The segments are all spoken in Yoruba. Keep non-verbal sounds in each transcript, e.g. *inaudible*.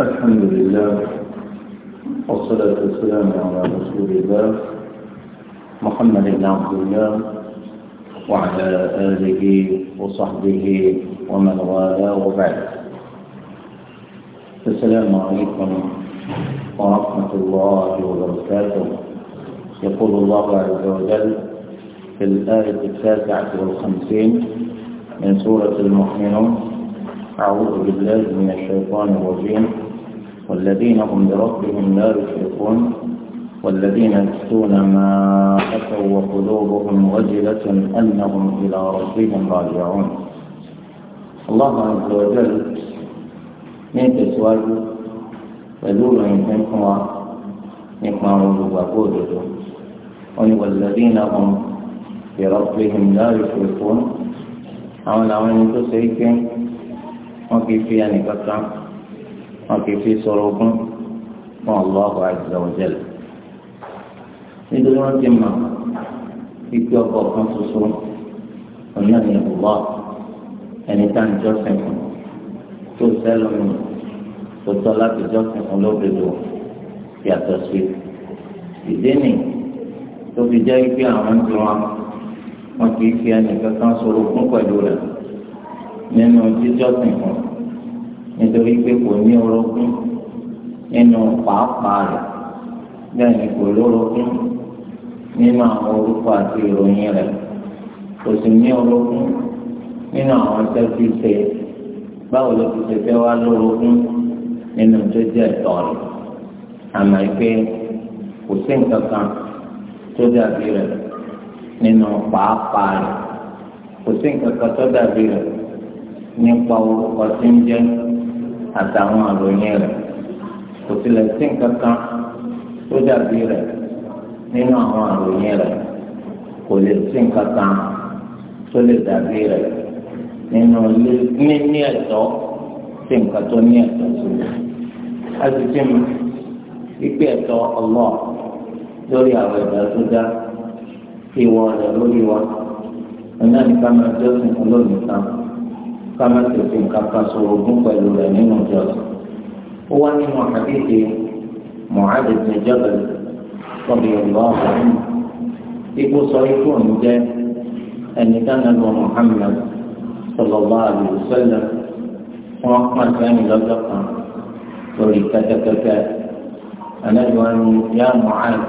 الحمد لله والصلاة والسلام على رسول الله محمد بن عبد الله وعلى آله وصحبه ومن والاه وبعد السلام عليكم ورحمة الله وبركاته يقول الله عز وجل في الآية التاسعة والخمسين من سورة المؤمنون أعوذ بالله من الشيطان الرجيم والذين هم بربهم لا يشركون والذين يكتون ما أتوا وقلوبهم وجلة أنهم إلى ربهم راجعون الله عز وجل من تسوال فدور من تنكما نكما وقودتهم والذين هم بربهم لا يشركون أولا من تسيكين وكيفية نكتا wọn kì í fi sọ̀rọ̀ ogún fún Allahu azza wa jalla nítorí wọn ti mọ ikú ọkọ kan ṣoṣo ọ̀nà ní ọ̀wọ́ ẹni tá à ń jọ́sìn fún tó sẹ́lọ̀mù tó tọ́ láti jọ́sìn fún lóbodò yàtọ̀ sí ìdí nì tó fi jẹ́ pé àwọn tí wọn wọn kì í fi ẹnì kankan sọ̀rọ̀ ogún pẹ̀lú rẹ̀ nínú jíjọ́sìn fún nítorí pé kò ní orogún nínú pàápàá rẹ̀ bẹ́ẹ̀ ni kò lórogún nínú àwọn orúkọ àti ìròyìn rẹ̀ kò sì ní orogún nínú àwọn sẹ́fì ṣe báwo ló ti ṣe fẹ́ wá lórogún nínú tó jẹ́ ẹ̀tọ́ rẹ̀ àmọ́ pé kò sí nǹkan kan tó dàbí rẹ̀ nínú pàápàá rẹ̀ kò sí nǹkan kan tó dàbí rẹ̀ nípa orúkọ tí ń jẹ́ àtàwọn àròyìn rẹ̀ kò tilẹ̀ sí nǹkan kan tó dàbí rẹ̀ nínú àwọn àròyìn rẹ̀ kò lè sí nǹkan kan tó lè dàbí rẹ̀ nínú níní ẹ̀tọ́ sí nǹkan tó ní ẹ̀tọ́ sí i. a sì ti mú pípé ẹ̀tọ́ ọlọ́ọ̀ lórí àwọn ẹ̀dá tó dá ìwọ rẹ̀ lórí wa ọ̀nà nìkan máa jọ́sìn olóòmìnira. kama tí tètè kaka sọ̀rọ̀ ogún pẹ̀lú rẹ̀ nínú ìjọsìn. ó wá nínú àkàkéde Mu'adh ibn Jabal tọ́bi ọ̀gbà ọ̀hún. ipò sọ ikú òun jẹ́ ẹni dánilọ́ Muhammad sallallahu alaihi wasallam wọn pàṣẹ sẹ́yìn lọ́jọ́ kan lórí kẹ́tẹ́kẹ́tẹ́ ni yá Mu'adh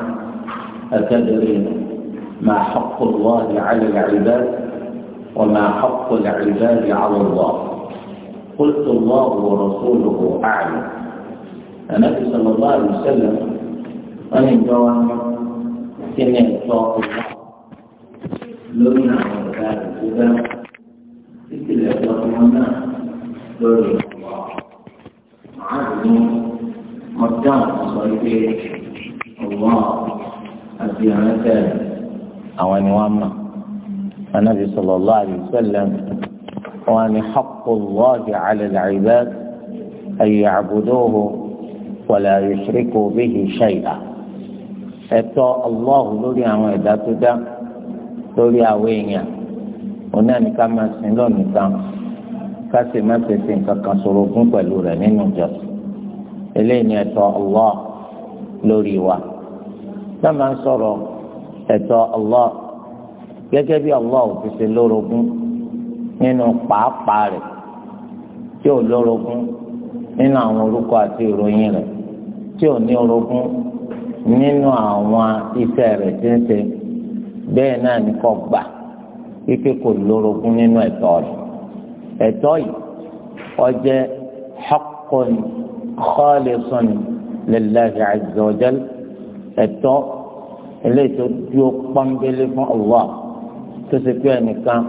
atadri ma haqqu Allahi ala al-'ibad. وما حق العباد على الله قلت الله ورسوله أعلم النبي صلى الله عليه وسلم أن يدعون كما يطاق الله لمن عباد الكتاب مثل يطلقنا لمن الله معاذ مدام صيفي الله أبي عمتان أو أنواع النبي صلى الله عليه وسلم وأن حق الله على العباد أن يعبدوه ولا يشركوا به شيئا ẹ̀tọ́ Allah lórí àwọn ẹ̀dá tó dá lórí àwọn èèyàn òun náà ní ká máa sin lọ́nìí kan ká sì má ṣe fi nǹkan kan sọ̀rọ̀ fún pẹ̀lú rẹ̀ nínú ìjọsìn eléyìí ni ẹ̀tọ́ Allah lórí wa. sábà ń sọ̀rọ̀ ẹ̀tọ́ Allah gẹ́gẹ́ bí Allah ti ṣe lórogún nínú pàápàá rẹ̀ tí ò lórogún nínú àwọn orúkọ àti ìròyìn rẹ̀ tí ò ní orogún nínú àwọn iṣẹ́ rẹ̀ tí ń ṣe bẹ́ẹ̀ náà ní kò gbà kíkẹ́ kò lórogún nínú ẹ̀tọ́ rẹ̀ ẹ̀tọ́ yìí ó jẹ́ haqqun khalisun lillahi azza wa tó dúró fún Allah tó ṣe pé ẹnìkan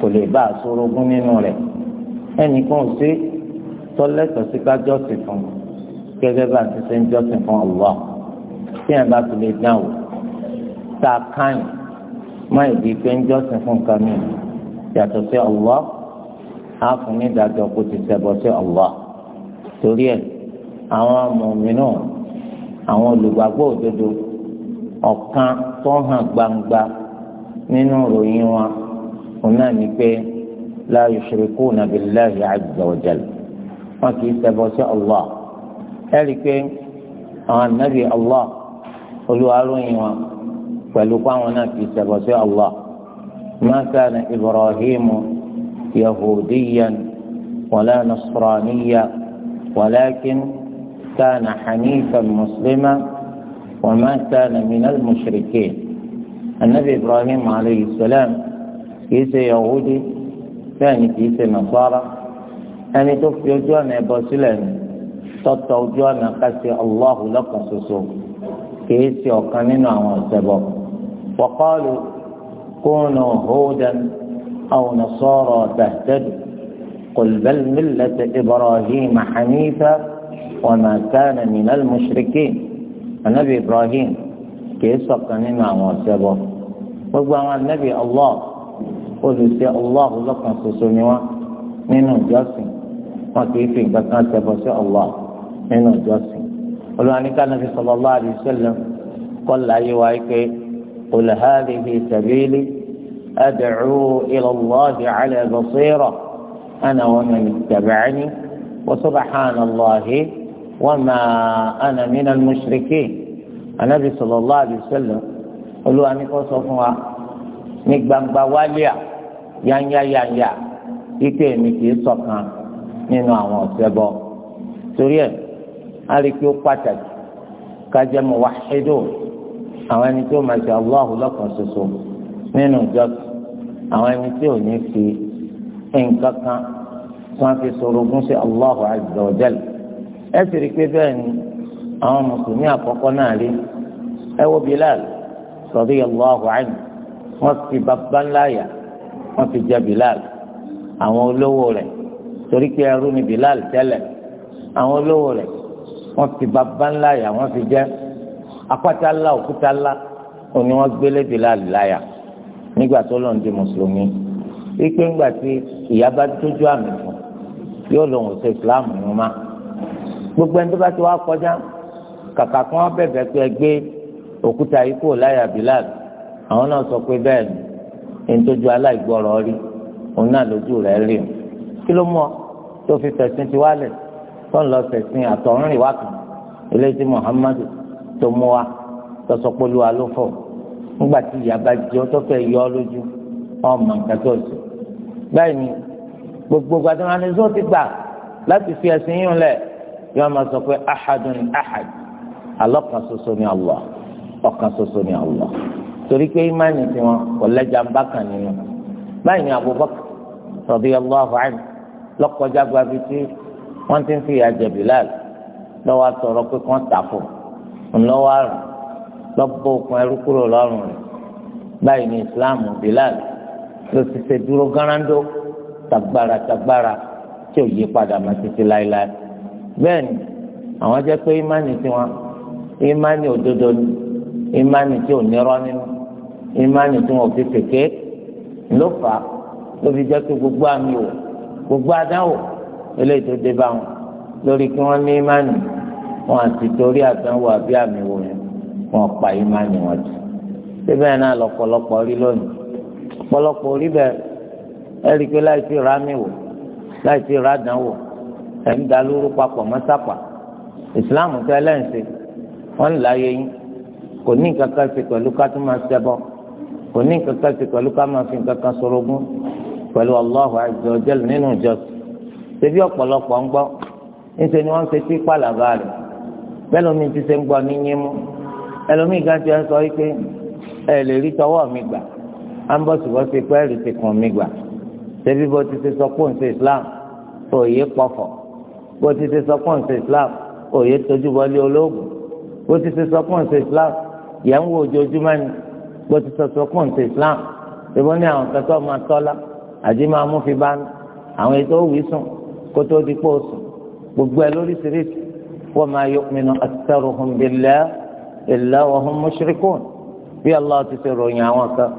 kò lè bá aṣọ́rogún nínú rẹ̀ ẹnìkan ò sí tọ́lẹ́tọ̀ sí ká jọ́sìn fún gẹ́gẹ́ bá ti ṣe ń jọ́sìn fún Allah tí ẹ̀ bá fi lè dán o tá a káyìn má ìdí pé ń jọ́sìn fún nǹkan mi yàtọ̀ sí Allah á fún ní ìdájọ́ kó ti ṣẹbọ sí Allah torí ẹ̀ àwọn mọ̀mínú àwọn olùgbàgbọ́ òdodo ọ̀kan tó hàn gbangba. nínú ìròyìn wọn náà ni pé la yushrikuna billahi azza wa jal wọn kì í ṣẹbọ sí Allah ẹ rí i pé àwọn ànábì olo olùwàlóyìn wọn pẹ̀lú pàwọn wa kì í ṣẹbọ sí Allah ma kana Ibrahimu yahudiyan wala nasraniya walakin kana hanifan muslima wa ma kana minal mùsùlùmí. النبي إبراهيم عليه السلام كيس يهودي ثاني كيس نصارى أني توفي جوانا بسلام تطو جوانا قسي الله لك سسو كيس يوكاننا وسبب وقالوا كونوا هودا أو نصارى تهتدوا قل بل ملة إبراهيم حنيفا وما كان من المشركين النبي إبراهيم kìí sọ̀kan nínú àwọn ọ̀ṣẹbọ gbogbo àwọn ànábì Allah olùṣe Allah lọ́kan ṣoṣo ni wọ́n nínú ìjọsìn wọn kìí fi nǹkan kan ṣẹbọ sí Allah nínú ìjọsìn olùwànìkà nàbì sallallahu alaihi wasallam kọ́lá yìí wá pé qul hadhihi sabili ad'u ila Allahi ala basira ana wa man ittaba'ani wa subhanallahi wa ma ana minal mushrikin anabi sallallahu alaihi wasallam olúwa ní kó sọ fún wa ní gbangba wálíà yányá yányá ike èmi kì í ṣọ̀kan nínú àwọn ọ̀ṣẹbọ torí ẹ̀ aliki ó pàtàkì kájẹ́ muwahhidu àwọn ẹni tí ó máa ṣe Allahu lọ́kan ṣoṣo nínú ìjọsìn àwọn ẹni tí ò ní fi nǹkan kan tí wọ́n fi ṣorogún sí Allahu azza wa sì rí i pé bẹ́ẹ̀ ni àwọn mùsùlùmí àkọ́kọ́ náà rí ẹ wo Bilal radiyallahu anhu wọ́n fi bàbá ńlá yà wọ́n fi jẹ Bilal àwọn olówó rẹ̀ torí pé ẹrú ni Bilal tẹ́lẹ̀ àwọn olówó rẹ̀ wọ́n fi bàbá ńlá yà wọ́n fi jẹ apáta ńlá òkúta ńlá òní wọ́n gbélé Bilal láyà nígbà tó lọ́n di mùsùlùmí wípé ńgbà tí ìyá bá tójú àmì fún yóò lòun ṣe Islam ní ma gbogbo ẹni tó bá ti wá kọjá kàkà kí wọ́n bẹ̀bẹ̀ pé gbé òkúta yìí kúrò láyà Bilal àwọn náà sọ pé bẹ́ẹ̀ ni ntójú aláìgbọ́rọ̀ rí òun náà lójú rẹ̀ rí o kí ló mọ̀ tó fi fẹ̀sìn ti wálẹ̀ tó ń lọ fẹ̀sìn àtọ̀rìn ìwà kan eléyìí Muhammadu tó mú wa tó sọ pé olúwa ló fọ̀ nígbà tí ìyá bá jẹ́ tó fẹ́ yọ ọ́ lójú ọmọ nǹkan tó sọ báyìí ni gbogbo gbàdúrà ni zó ti gbà láti fi ẹ̀sìn yín lẹ̀ yọ alọ́kan ṣoṣo ni Allah ọ̀kan ṣoṣo ni Allah torí pé imáàni tí wọn kò lẹ́jà ń bá kàn nínú báyìí ni Abubakar radiyallahu anhu lọ́kọjá gbabi tí wọ́n ti ń fi ìyàjẹ̀ Bilal lọ́wọ́ àtọ̀rọ̀ pé kí wọ́n tà fún un lọ́wọ́ àrùn lọ́bọ̀ òkun ẹrú kúrò lọ́rùn rẹ̀ báyìí ni Islam Bilal ló ti ṣe dúró gánándó tagbára tagbára tí ò yí padà má títí láéláé bẹ́ẹ̀ àwọn jẹ́ pé imáàni tí wọn ìmánì òdodo ni ìmánì tí ò nírọ́ nínú ìmánì tí wọn ò fi kèké ló fà á ló fi jẹ́ pé gbogbo àmì wò gbogbo àdáwò eléyìí tó dé bá wọn lórí kí wọ́n ní ìmánì wọn àti torí àdánwò àbí àmì wò yẹn wọn pa ìmánì wọn jù síbẹ̀ náà lọ́pọ̀lọpọ̀ rí lónìí pọ̀lọpọ̀ rí bẹ́ẹ̀ ẹ pé láì sí wò láì sí ra ẹ̀ ń da papọ̀ mọ́sápà ìsìláàmù tẹ́lẹ̀ ń ṣe wọ́n ń la ayé yín kò ní nǹkan kan ṣe pẹ̀lú ká tún máa ṣẹbọ kò ní nǹkan kan ṣe pẹ̀lú ká máa fi nǹkan kan sorogún pẹ̀lú Allahu azza wa jalla nínú ìjọsìn ṣebí ọ̀pọ̀lọpọ̀ ń gbọ́ ńṣe ni wọ́n ń ṣe tí pàlàbà rẹ̀ bẹ́ẹ̀ lómi ti ṣe ń gbọ́ ní yímú ẹlòmíì gan ti ń sọ wípé ẹ lè rí tọwọ́ mi gbà á ń bọ̀ ṣùgbọ́n ṣe pé ẹ̀rì ti kàn mí gbà ṣebí bó ti ṣe sọ pé òun Islam òye pọ̀fọ̀ bó ti ṣe sọ pé òun Islam òye tójú ológun bó ti ṣe sọ fún ọ̀sẹ̀ islam ìyẹn ń wo ojoojúmọ́ ni bó ti sọ sọ fún ọ̀sẹ̀ islam ṣùgbọ́n ní àwọn kẹtọ́ máa tọ́lá àti máa mú fi bá àwọn ètò òwì sùn kó tó di pò sùn gbogbo ẹ lóríṣiríṣi wa ma yu'minu aktharuhum billahi illa wa hum mushrikun bí Allah ti ṣe ròyìn àwọn kan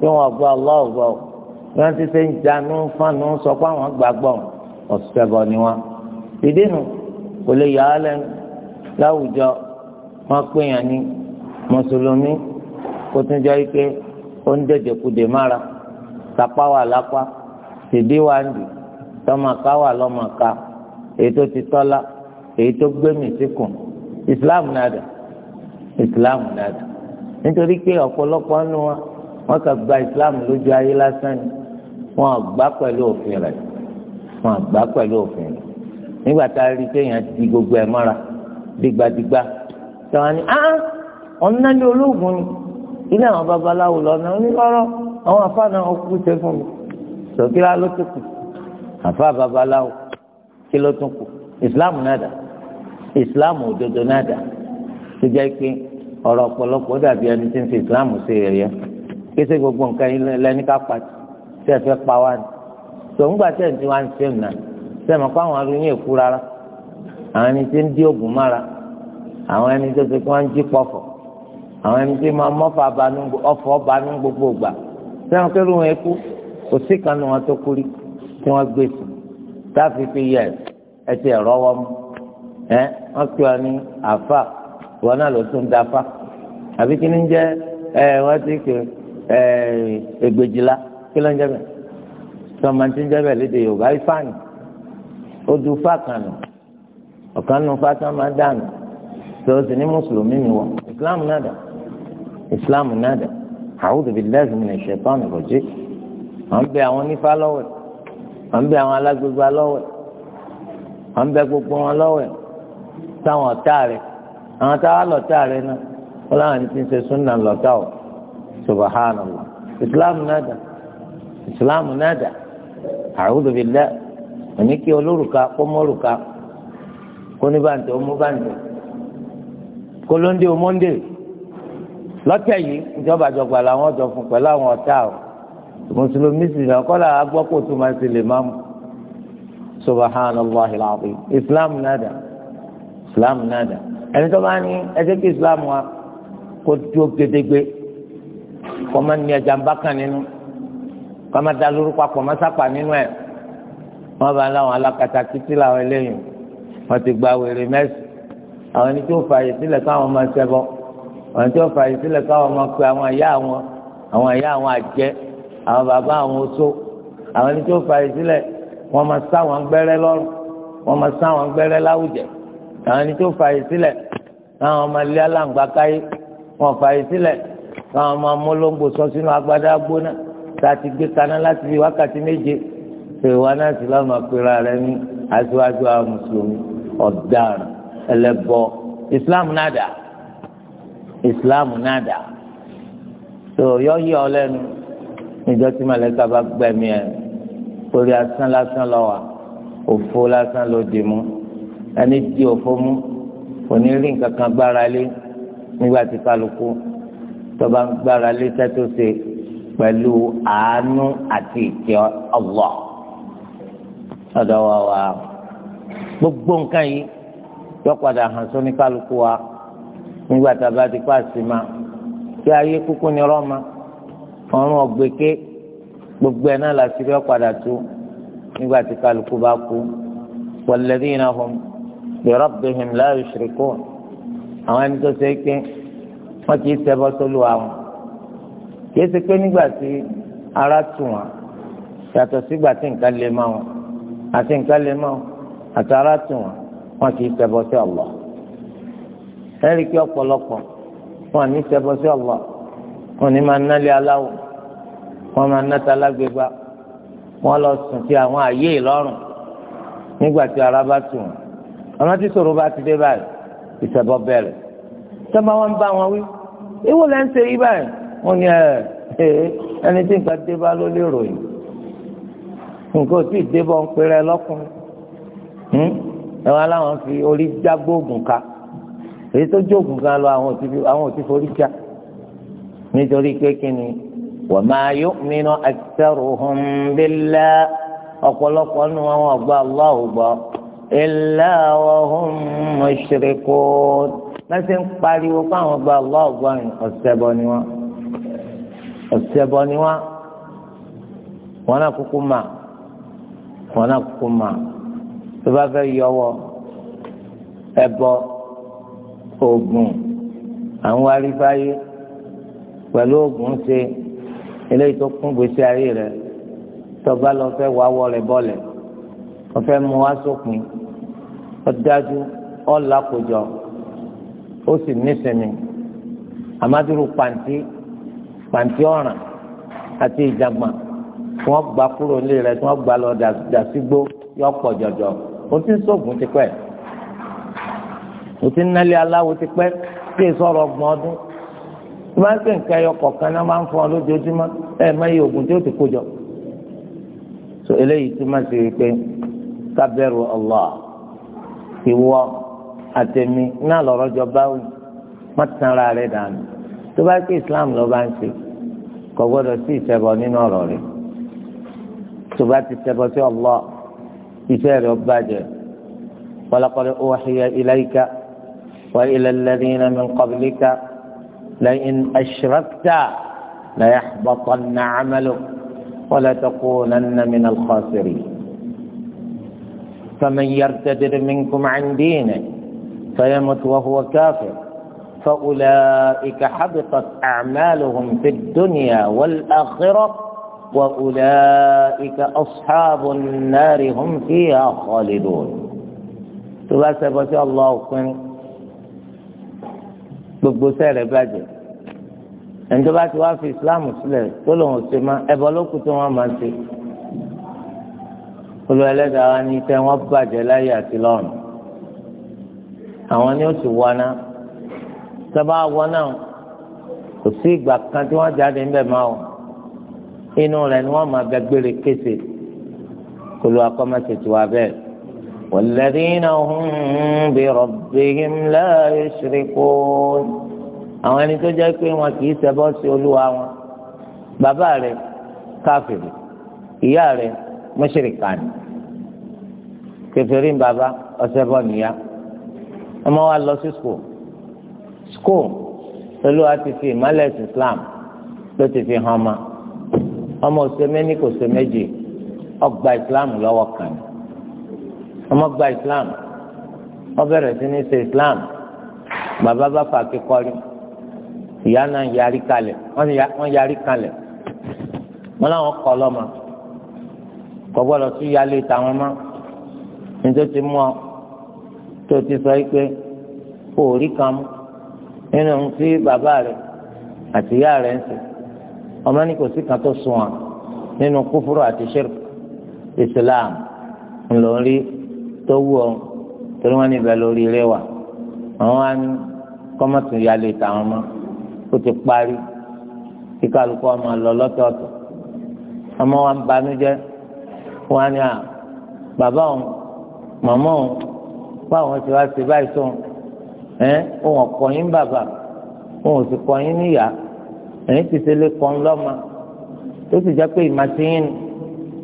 bí wọn gbọ́ Allah gbọ́ bí wọn ti ṣe ń janú fánú sọ pé àwọn gbàgbọ́ ọ̀sẹ̀ bọ̀ ni wọn. ìdí nu kò lè yà á lẹ́nu láwùjọ wọ́n pè yàn ní mùsùlùmí kó tún jẹ́ ike ó ń dẹ̀dẹ̀ kudè mára sapá wà lápá tìdí wà ń dì tọmọka wà lọmọka èyí tó ti tọ́lá èyí tó gbẹ̀mí síkùn ìsìláàmù nàdà ìsìláàmù nàdà nítorí pé ọ̀pọ̀lọpọ̀ nínú wa wọ́n kà gba ìsìláàmù lójú ayé lásán ni wọ́n gbà pẹ̀lú òfin rẹ̀ wọ́n gbà pẹ̀lú òfin rẹ̀ nígbà tá a rí i pé èèyàn di gbogbo ẹ̀ mọ́ra dìgbàdìgbà tọ́wọ́n ah ọ̀nà lé olóògùn ni ilé àwọn babaláwo lọ́nà oníkọ́rọ́ àwọn àfa náà ọkú ṣe fún mi sọ̀kíra ló ti kù àfa babaláwo kí ló tún kù ìsìláàmù náà dà ìsìláàmù òdodo náà dà tó jẹ́ pé ọ̀rọ̀ ọ̀pọ̀lọpọ̀ dàbí ẹni tí ń fi ìsìláàmù ṣe ẹ̀yẹ kéṣe gbogbo nǹkan yín lẹ́ni ká pàtì tí ẹ fẹ́ pa wá ni tòǹgbà tẹ̀ ń tí wá ń ṣe nà sẹ́mi kó àwọn arúgbó yẹn kú rárá àwọn ẹni tí ń dí ògùn mára àwọn ẹni tó ti kí ń jí pọ̀fọ̀ àwọn ẹni tí máa mọ́fà ọ̀fọ̀ banú gbogbo gbà sẹ́wọ̀n kẹ́rù wọn kú kò sí kan wọn tó kú tí wọ́n gbé sí táàfì fi yẹ ẹ ti ẹ̀rọ wọ́n mú ẹ wọ́n ní àfà náà kí wọ́n kí tó sì ní mùsùlùmí mi wọ islam náà dà islam náà dà a'udhu billahi minash shaitanir rajim à ń bẹ àwọn onífá lọ́wọ́ à ń bẹ àwọn alágbègbè lọ́wọ́ à ń bẹ gbogbo wọn lọ́wọ́ táwọn ọ̀tá rẹ̀ àwọn táwa lọ́tà rẹ̀ náà wọ́n láwọn ti ń ṣe súnà lọ́tà ọ̀ subahánàlá islam náà dà islam náà dà a'udhu billahi òní kí olórùka kó mórùka kó ní bàǹtẹ̀ ó mú bàǹtẹ̀ kolonde o monde lọ́tẹ̀ yìí ìjọba àjọgbà làwọn jọ fún pẹ̀lú àwọn ọ̀tá o mùsùlùmí sì náà kọ́lá agbọ́kò tó máa ṣe lè máa mú subhanallahi alazim islam nada islam nada ẹni tó bá ní ẹsẹ̀ kí islam wa kó tó gédégbé kó má ní ẹja ń bá kàn nínú kó má da lórúkọ kó má sápà nínú ẹ̀ wọ́n bá láwọn alákatakítí làwọn eléyìí wọ́n ti gba wèrè mẹ́sì àwọn ẹni tí ó fààyè sílẹ̀ káwọn máa ṣẹbọ àwọn ẹni tí ó fààyè sílẹ̀ káwọn máa pe àwọn ìyá àwọn àwọn ìyá àwọn àjẹ́ àwọn bàbá àwọn oṣó àwọn ẹni tí ó fààyè sílẹ̀ wọ́n máa sá wọn gbẹ́rẹ́ lọ́rùn wọ́n máa sá wọn gbẹ́rẹ́ láwùjẹ àwọn ẹni tí ó fààyè sílẹ̀ káwọn ọmọ ilé aláǹgbá káyé wọ́n fààyè sílẹ̀ káwọn ọmọ amólóńgbò sọ sínú agbádá a ti gbé kaná láti fi wákàtí méje ṣèwà náà sì ọ̀daràn ẹlẹ́bọ islam nada, islam nada. so yọ yí ọ lẹ́nu níjọ́ tí màlẹ́kà bá gbẹ̀mí ẹ̀ torí asán lásán lọ wà òfo lásán ló dì mú ẹni di òfo mú òní rí nǹkan kan gbára lé nígbà tí kálukú tọba ń gbára lé sẹ́tò ṣe àánú àti ìkẹ́ Allah ọ̀dọ̀ wa wa gbogbo nǹkan yìí yọpadà hàn sóní kálukú wa nígbà tá a bá ti pàṣẹ ma kí ayé kúkú ni rọ́ọ̀mà ọ̀run ọ̀gbẹ́kẹ́ gbogbo ẹ̀ náà láti rí ọ̀padà tó nígbà tí kálukú bá kú walladhina hum bi rabbihim la yushrikun àwọn ẹni tó ṣe é pé wọ́n ti ṣẹbọ sólù àwọn kì í ṣe pé nígbà tí ara tù wọ́n yàtọ̀ sígbà tí nǹkan lè mọ́ àti nǹkan lè mọ́ àti ara tù wọ́n wọn kì í ṣẹbọ sí Allah ẹrí kí ọ̀pọ̀lọpọ̀ wọn ní ṣẹbọ sí Allah wọn ní máa nálé aláwọ wọn máa náta lágbègbà wọn lọ sùn sí àwọn àyè ìlọrùn nígbà tí ara bá tù wọn àmọ́ tí ṣòro bá ti dé báyìí ìṣẹbọ bẹ̀rẹ̀ sábà wọn bá wọn wí ewu lẹ ń ṣe yí báyìí wọn ní ẹ ẹni tí nǹkan dé bá ló lè ròyìn nǹkan ò tí ì dé bọ́ ń pèrè lọ́kùnrin. Hmm? ẹ wọn aláwọn fi orí já gbóògùn ká èyí tó jóògùn kan lọ àwọn òtí àwọn òtí forí já nítorí pé kí ni wa ma yu'minu aktharuhum billah ọ̀pọ̀lọpọ̀ nínú àwọn ọ̀gbà Allahu gbọ́ illa wa hum mushrikun lẹ́sẹ̀ ń pariwo pé àwọn ọ̀gbà Allahu gbọ́ ọ̀sẹ̀bọ ni wọ́n ọ̀sẹ̀bọ ni wọ́n wọn náà kúkú mà wọn náà kúkú mà tó bá fẹ́ yọwọ́ ẹbọ oògùn àwọn arífáyé pẹ̀lú oògùn ṣe eléyìí tó kún gbèsè ayé rẹ̀ tó bá lọ fẹ́ wáwọ rẹ̀ bọ́lẹ̀ wọ́n fẹ́ mú wá sópin ó dájú ọ̀là kòjọ ó sì nísìnyí àmádúró pàǹtí pàǹtí ọ̀ràn àti ìjàgbọ̀n wọ́n gbà kúrò nílé rẹ̀ tí wọ́n gbà lọ dà yọ pọ̀ jọjọ o ti ń sọ̀gùn ti pẹ́ o ti ń nálé aláwo ti pẹ́ tí èso ọ̀rọ̀ ọgbọ̀n ọdún tí wọ́n á pè nǹkan ẹyọ kọ̀ọ̀kan náà máa ń fún ọ lójoojúmọ́ ẹ̀ mọ iye oògùn tí ó ti kó jọ. so eléyìí túmọ̀ sí wípé kábẹ́rù Allah ìwọ àtẹ̀mí náà lọ́rọ́ jọ báwí má tanra rẹ̀ dànù tó bá pé Islam ló bá ń ṣe kò gbọ́dọ̀ sí ìṣẹbọ nínú ọ̀rọ̀ rẹ̀ tó bá ti ṣẹbọ sí Allah كتاب وباجر ولقد أوحي إليك وإلى الذين من قبلك لئن أشركت ليحبطن عملك ولتكونن من الخاسرين فمن يرتد منكم عن دينه فيمت وهو كافر فأولئك حبطت أعمالهم في الدنيا والآخرة وأولئك أصحاب النار هم فيها خالدون تبسبت الله كن gbogbo sẹrẹ bàjẹ́ ẹni tó bá ti wá fi islam sílẹ̀ tó lòun ṣe má ẹbọ lókùn tí wọn máa ṣe olú ẹlẹ́dàá wa ní tẹ wọn bàjẹ́ láyé àti lọ́run àwọn ni ó sì wọná sábà wọná kò sí ìgbà kan tí wọn jáde ń bẹ máa wọn inú rẹ̀ ni wọ́n máa bẹ gbére kése kólú akọ́mọ́sí ti wá bẹ́ẹ̀. والذين هم بربهم لا يشركون àwọn ẹni tó jẹ́ pé wọn kì í ṣẹbọ sí olúwa wọn bàbá rẹ̀ káfìrì ìyá rẹ̀ mùṣírikàn kèfèrí bàbá ọ̀ṣẹbọ nìyá ọmọ wa lọ sí skul skul olúwa ti fi ìmọ̀lẹ̀ islam ló ti fi hàn máa ọmọ òsèmé ní kò sè ọgbà islam lọ́wọ́ kan ọmọ gba islam wọ́n bẹ̀rẹ̀ sí ní ṣe islam bàbá bá fà kíkọrí ìyá náà yarí kalẹ̀ wọ́n yarí kalẹ̀ wọ́n làwọn kọ́ lọ́mọ kò gbọ́dọ̀ tún yálé tàwọn mọ́ nítorí ti mú ọ tó ti sọ pé kò rí kan mú nínú tí bàbá rẹ̀ àti ìyá rẹ̀ ń sè ọmọ ní kò sí kan tó sùn wọn nínú kúfúrú àti ṣírk islam ńlọrí tó wù ọ torí wọn níbẹ̀ lórí ilé wa àwọn á ní kọ́mọ̀tún ya lè tà wọn mọ́ ó ti parí kí kálukú ọmọ lọ lọ́tọ̀ọ̀tọ̀ ọmọ wa ń banújẹ́ wọn á à bàbá òun màmá òun báwọn ti wá ṣe báyìí sóun ẹ òun ọ̀kọ́ bàbá òun ò sì ẹ̀yin ti ṣe lé kọ́ ńlọ́mà tó sì jẹ́ pé ìmàtíyìn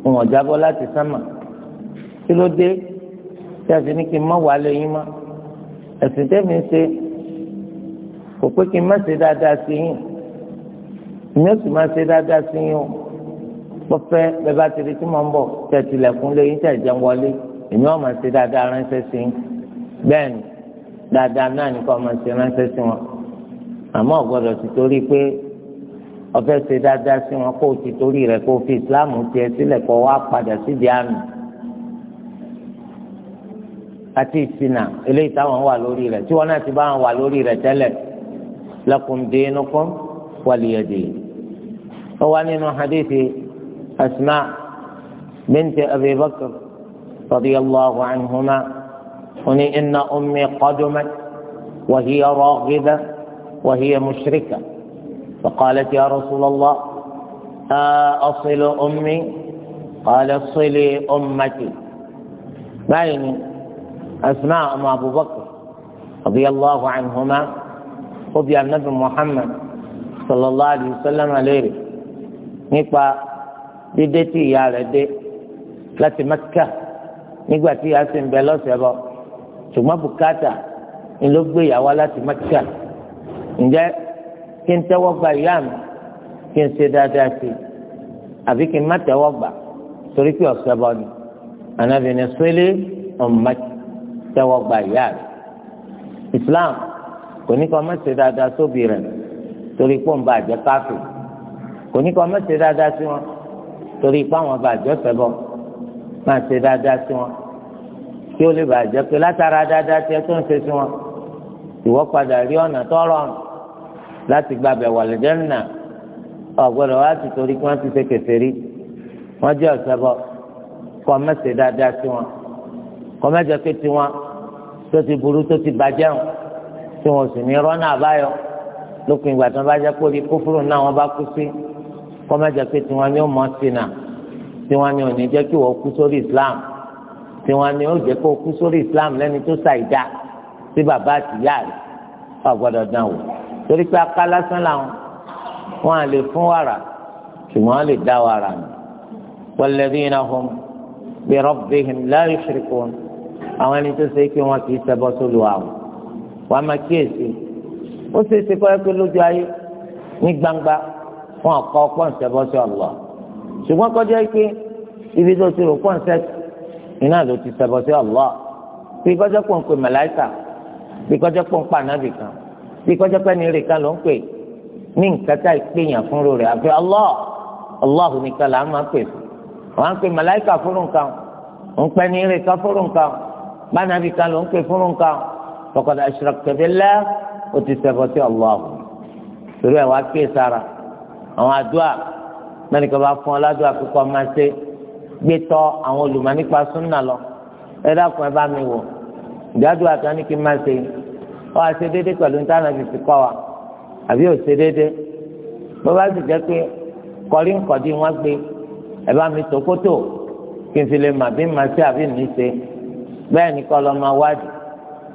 ìwọ̀n jábọ́ láti sánmà kí ló dé tí a sì ní kí n má wàá lẹ́yìn mọ́ ẹ̀sìn tẹ́mi ṣe kò pé kí n má ṣe dáadáa sí yín ìyẹn ó sì má ṣe dáadáa sí yín o pọ́fẹ́ bẹ́ẹ̀ ti di tí mo ń bọ̀ tẹ̀ tilẹ̀kùn lẹ́yìn tẹ̀ jẹun wọlé èmi wọn máa ṣe dáadáa ránṣẹ́ sí i bẹ́ẹ̀ ni dáadáa náà ni kò máa ṣe ránṣẹ́ sí wọn àmọ́ ọ̀gbọ́dọ̀ ti torí pé ọfẹ ṣe dáadáa sí wọn kó o ti torí rẹ̀ kó o fi ìsìláàmù tiẹ̀ sílẹ̀ kó o wá padà sídìí àmì àti ìṣìnà eléyìí táwọn wà lórí rẹ̀ tí wọn náà ti bá wọn wà lórí rẹ̀ tẹ́lẹ̀ lakum dinukum waliya din. ó wá nínú hadithi asma binti abi bakr radiyallahu anhuma oní inna ummi qadumat wa hiya raghibah wa فقالت يا رسول الله أصل أمي قال صلي أمتي بين أسماء أم أبو بكر رضي الله عنهما وبيا النبي محمد صلى الله عليه وسلم عليه نقبى بدتي يا لدي láti mẹ́kà nígbà tí a sì ń bẹ lọ́sẹ̀ bọ̀ ṣùgbọ́n bùkátà ni ló gbé ìyàwó kí n tẹ́wọ́ gba ìyá mi kí n ṣe dáadáa sí i àbí kí n má tẹ́wọ́ gbà torí pé ọ̀sẹ̀ bọ́ ni ànábì sọ́lé ọ̀mọ tẹ́wọ́ gba ìyá rẹ̀ Islam kò ní kí wọ́n má ṣe dáadáa sóbì rẹ̀ torí pé òun bá àjẹ́ káfí kò ní kí wọ́n má ṣe dáadáa sí wọn torí pé àwọn bá àjẹ́ ọ̀sẹ̀ bọ́ má ṣe dáadáa sí wọn kí ó lè bàjẹ́ pé látara dáadáa tiẹ̀ tó ń ṣe sí wọn ìwọ rí ọ̀nà tọ́rọ̀ ọ̀nà láti gbàbẹ̀ wàlìjẹ́nà ọ̀gbọ́dọ̀ wá ti torí kí wọ́n ti ṣe kèfèrí wọ́n jẹ́ ọ̀sẹ́bọ̀ kọ́ mẹ́sẹ̀ dáadáa sí wọn kọ́ mẹ́jọ pé tiwọn tó ti burú tó ti bàjẹ́ wọn tí wọn sì ní rọ́nà àbáyọ lópin ìgbà tí wọ́n bá jẹ́ pé orí kófúrò náà wọ́n bá kú sí kọ́ mẹ́jọ pé tiwọn ni ó mọ̀ sí tiwọn ni ò ní jẹ́ kí wọ́n kú sórí Islam tiwọn ni ó jẹ́ kó kú sórí Islam lẹ́ni tó ṣàìdá sí bàbá àtìyá rẹ̀ ọ̀gbọ́dọ̀ dán torí pé aká lásán làwọn wọn à lè fún wàrà ṣùgbọ́n wọn lè dá wàrà nù walladhina hum bi rabbihim la yushrikun àwọn ẹni tó ṣe pé wọn kì í ṣẹbọ sólù àwọn wọn máa kíyèsí ó ṣe é ṣe kọ́ ẹ pé lójú ayé ní gbangba wọn kọ́ ọpọ́ ìṣẹbọ sí ọlọ ṣùgbọ́n kọjá pé ibi tó ti rò pọ́ ìṣẹ́ iná ló ti ṣẹbọ sí ọlọ bí kọjá pọ̀ ń pè màláíkà bí kọjá pọ̀ ń pa ànábì kan bí kọjá pé ní rèéká ló ń pè ní nǹkan tá ìpéyàn fúnrú rẹ̀ àfi Allah Allah nìkan là ń máa pè wọn á pè màláìkà fúnrú nǹkan ń pẹ́ ní rèéká fúnrú nǹkan bánàbí kan ló ń pè fúnrú nǹkan faqad ashrakta billah ó ti ṣẹbọ sí Allah torí ẹ̀ wá pè sára àwọn àdúrà mẹ́rin kan bá fún ọ ládùúgbò àkókò ọmọ ṣe gbé tọ́ àwọn olùmọ̀ nípa súnà lọ ẹ dákun ẹ bá mi wò ìdádùn àtàníkì máa ṣe ọ wá ṣe déédéé pẹ̀lú ní táwọn fi fi kọ́ wa àbí ò ṣe déédéé bó bá sì jẹ́ pé kọrí nkọ̀dí wọn gbé ẹ bá mi tó kótó kí n fi lè mà bí màá ṣe àbí mi ṣe bẹ́ẹ̀ ni kọ́ lọ máa wádìí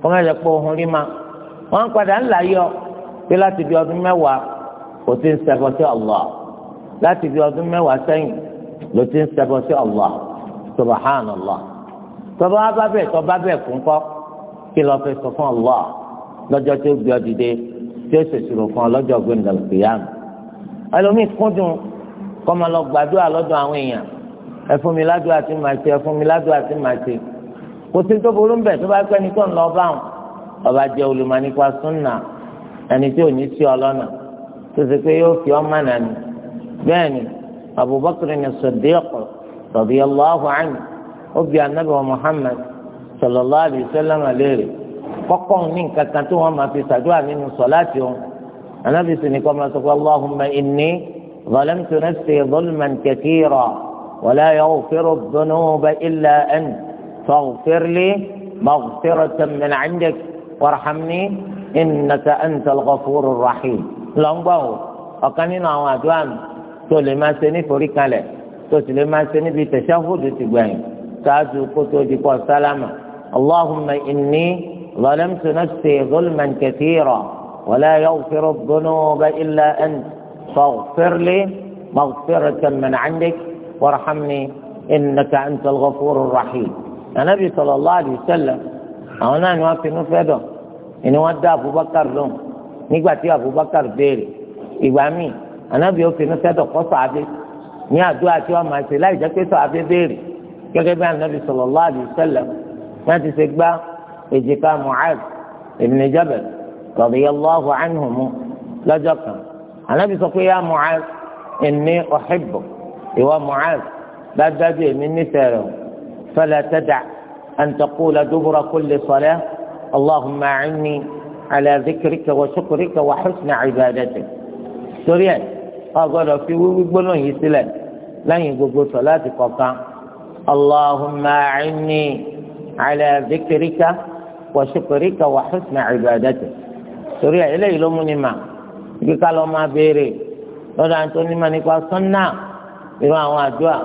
kó má lè pọ̀ ohun rí ma wọ́n padà ń là yọ pé láti bí ọdún mẹ́wàá kò ti ń ṣẹbọ sí Allah láti bí ọdún mẹ́wàá sẹ́yìn ló ti ń ṣẹbọ sí Allah subhanallah tọba bá bẹ̀ tọba bẹ̀ fún kọ́ kí lọ́ọ́ fẹ́ sọ fún Allah lọ́jọ́ tó gbé ọ dìde tí ó ṣèṣirò fún ọ lọ́jọ́ gbẹ̀ngàn kìyàmù ẹlòmíì kúndùn kọ́ máa lọ gbàdúrà lọ́dọ̀ àwọn èèyàn ẹ fún mi ládùúrà tí màá ṣe ẹ fún mi ládùúrà tí màá ṣe kò sí tó burú bẹ̀ tó bá pẹ́ ní tó ń lọ bá wọn ọba jẹ́ olùmọ̀ nípa súnà ẹni tí ò ní sí ọlọ́nà tó ṣe pé yóò fi ọmọ náà ni bẹ́ẹ̀ ni Abubakar ni Siddiq radiyallahu anhu ó bi anabi wa Muhammad sallallahu alayhi wa sallam léèrè kọ́kọ́ ní nǹkan kan tí wọ́n máa fi ṣàdúrà nínú sọ̀láàtì òun anábì sì ní kọ́ máa sọ pé allahumma inni zalamtu nafsi zulman kathira wa la yaghfiru dhunuba illa ant faghfir li maghfiratan min 'indik warhamni innaka antal ghafurur rahim lọ́ngbà o ọ̀kan nínú àwọn àdúrà tó lè máa ṣe ní forí kalẹ̀ tó sì lè máa ṣe níbi tẹ̀síáfòdù ti gbẹ̀yìn ṣáájú kótó di sálámà. اللهم إني ظلمت نفسي ظلما كثيرا ولا يغفر الذنوب إلا أنت فاغفر لي مغفرة من عندك وارحمني إنك أنت الغفور الرحيم النبي صلى الله عليه وسلم أنا نوافي نفيده إن ودى أبو بكر لهم نيجي أبو بكر بيري إبامي أنا بيوفي نفيده قصة ní àdúrà أتوا ما máa جاكي سعبي بيري كيف sọ abẹ béèrè gẹ́gẹ́ bí anabi náà ti ṣe gbá èjìká Mu'adh ibn Jabal radiyallahu anhu mu lọ́jọ́ kan ànábì sọ pé yá Mu'adh inni uhibbu ìwà Mu'adh dájúdájú èmi nífẹ̀ẹ́ rẹ̀ fala tad'a an taqula dubura kulli salah allahumma a'inni ala dhikrika wa shukrika wa husni ibadatik torí ẹ̀ ọgọ́dọ̀ fi wíwí gbólóhùn yìí sílẹ̀ lẹ́yìn gbogbo sọ̀láàtì kọ̀ọ̀kan allahumma a'inni ala dhikrika wa shukrika wa husni ibadatik torí eléyìí ló mú ni mà ibi ká lọ máa béèrè lọ́dọ̀ àti onímọ̀ nípa sọ́nà irú àwọn àdúrà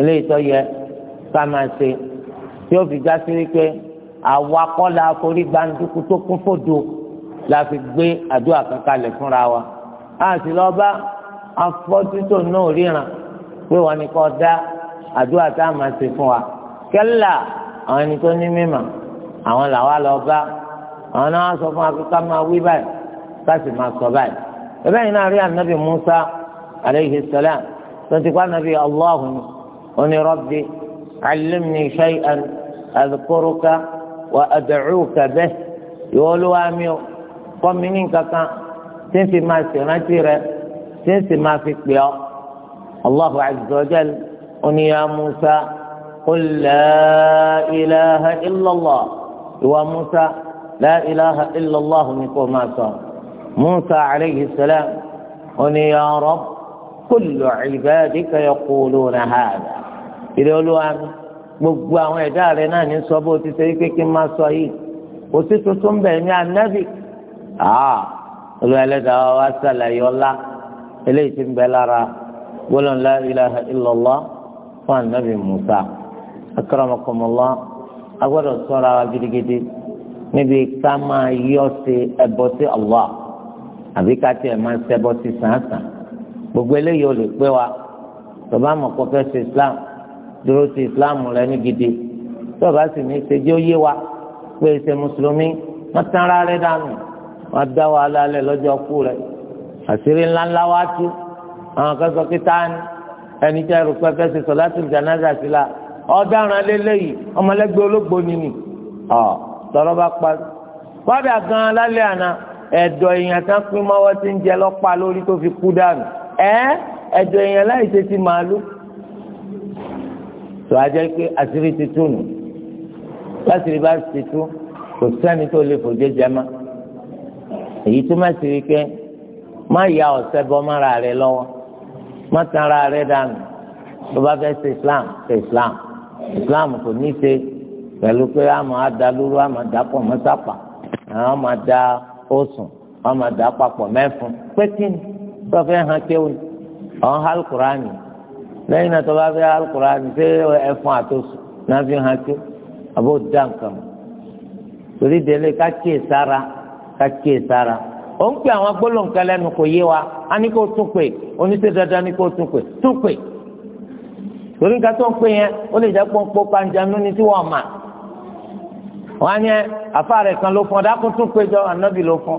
eléyìí tó yẹ ká máa ṣe tí ó fi já sí wípé àwa kọ́ la forí gbàǹdùkú tó kún fòdo la fi gbé àdúrà kankan lẹ̀ fúnra wa a sì lọ bá afọ́jú tó náà ríran pé wọn ni kò dá àdúrà tá a máa ṣe fún wa kẹ́lá àwọn ẹni tó ní mímọ̀ àwọn làwa lọ bá àwọn náà sọ fún akíkà máa wí báyìí ká sì máa sọ báyìí ẹ̀bẹ̀ yìí náà rí ànábì Musa aleyhi salam tó ti kọ́ ànábì Allahu oní rabbi allimni shay'an adhkuruka wa ad'uka bihi ìwọ olúwa mi ò kọ́ mi ní kankan tí n sì máa ṣèrántí rẹ tí n sì máa fi pè ọ́ Allahu azza jal oní Musa. قل لا إله إلا الله وموسى لا إله إلا الله نكون ما موسى عليه السلام قل يا رب كل عبادك يقولون هذا إذا قالوا أن gbogbo àwọn ẹ̀dá rẹ̀ náà ní sọ bó ti ṣe wípé kí n máa sọ yìí kò sí tuntun bẹ́ẹ̀ ní anábì ah, olùwẹ̀lẹ́dàá wa ṣàlàyé ọlá eléyìí ti ń bẹ lára gbọ́dọ̀ la ilaha illallah fún anábì Musa akramakumullah a gbọ́dọ̀ ṣọ́ra wa gidigidi níbi ká máa yọ sí ẹbọ sí Allah àbí ká tiẹ̀ máa ṣẹbọ sí sàǹsàn gbogbo eléyìí ò lè pé wa tó bá mọ̀ kó fẹ́ ṣe Islam dúró sí Islam rẹ ní gidi tó bá sì ní ṣe jẹ́ ó yé wa pé ṣe mùsùlùmí wọ́n tán ara rẹ dànù wọ́n dá wa lálẹ́ lọ́jọ́ kú rẹ àṣírí ńláńlá wá tú àwọn kan sọ pé táà ní ẹni tẹ́ ẹrù pẹ́ fẹ́ ṣe sọ̀látùl jánásà sí la ọ̀daràn lélẹ́yìí ọmọlẹ́gbẹ́ ológbò nìní ọ̀ tọrọ bá pa kọ́dà gan lálẹ́ àná ẹ̀dọ̀ èèyàn tán pín mọ́wọ́ tí ń jẹ lọ́pàá lórí tó fi kú dànù ẹ́ ẹ̀dọ̀ èèyàn láì ṣe ti màálù tó a jẹ́ pé àṣírí ti tú nù láṣírí bá ti tú kò sẹ́ni tó lè fòjé jẹ èyí tó má ṣe pé má ya ọ̀sẹ̀ bọ́ mára rẹ lọ́wọ́ má tan ara rẹ dànù tó bá fẹ́ ṣe Islam ṣe Islam. islam kò ní í ṣe a máa da lóru a máa da pọ̀ mọ́sápà a máa da òsùn a máa da papọ̀ mẹ́fun pé kí ni tó hàn kéwì ọ̀hún alukurani lẹ́yìn náà tó bá fẹ́ alukurani ṣé ẹ̀fọn àtòsùn náà fi hàn kéwì àbó nǹkan torí délé ká sára ká sára ó ń pè àwọn lẹ́nu kò yé wa a torí nǹkan tó ń pè yẹn ó lè jẹ́ pọ́npọ́ panjanú ni tí wọ́n mà wọ́n á yẹn àfa rẹ̀ kan ló fún ọ dákun tún péjọ ànábì ló fún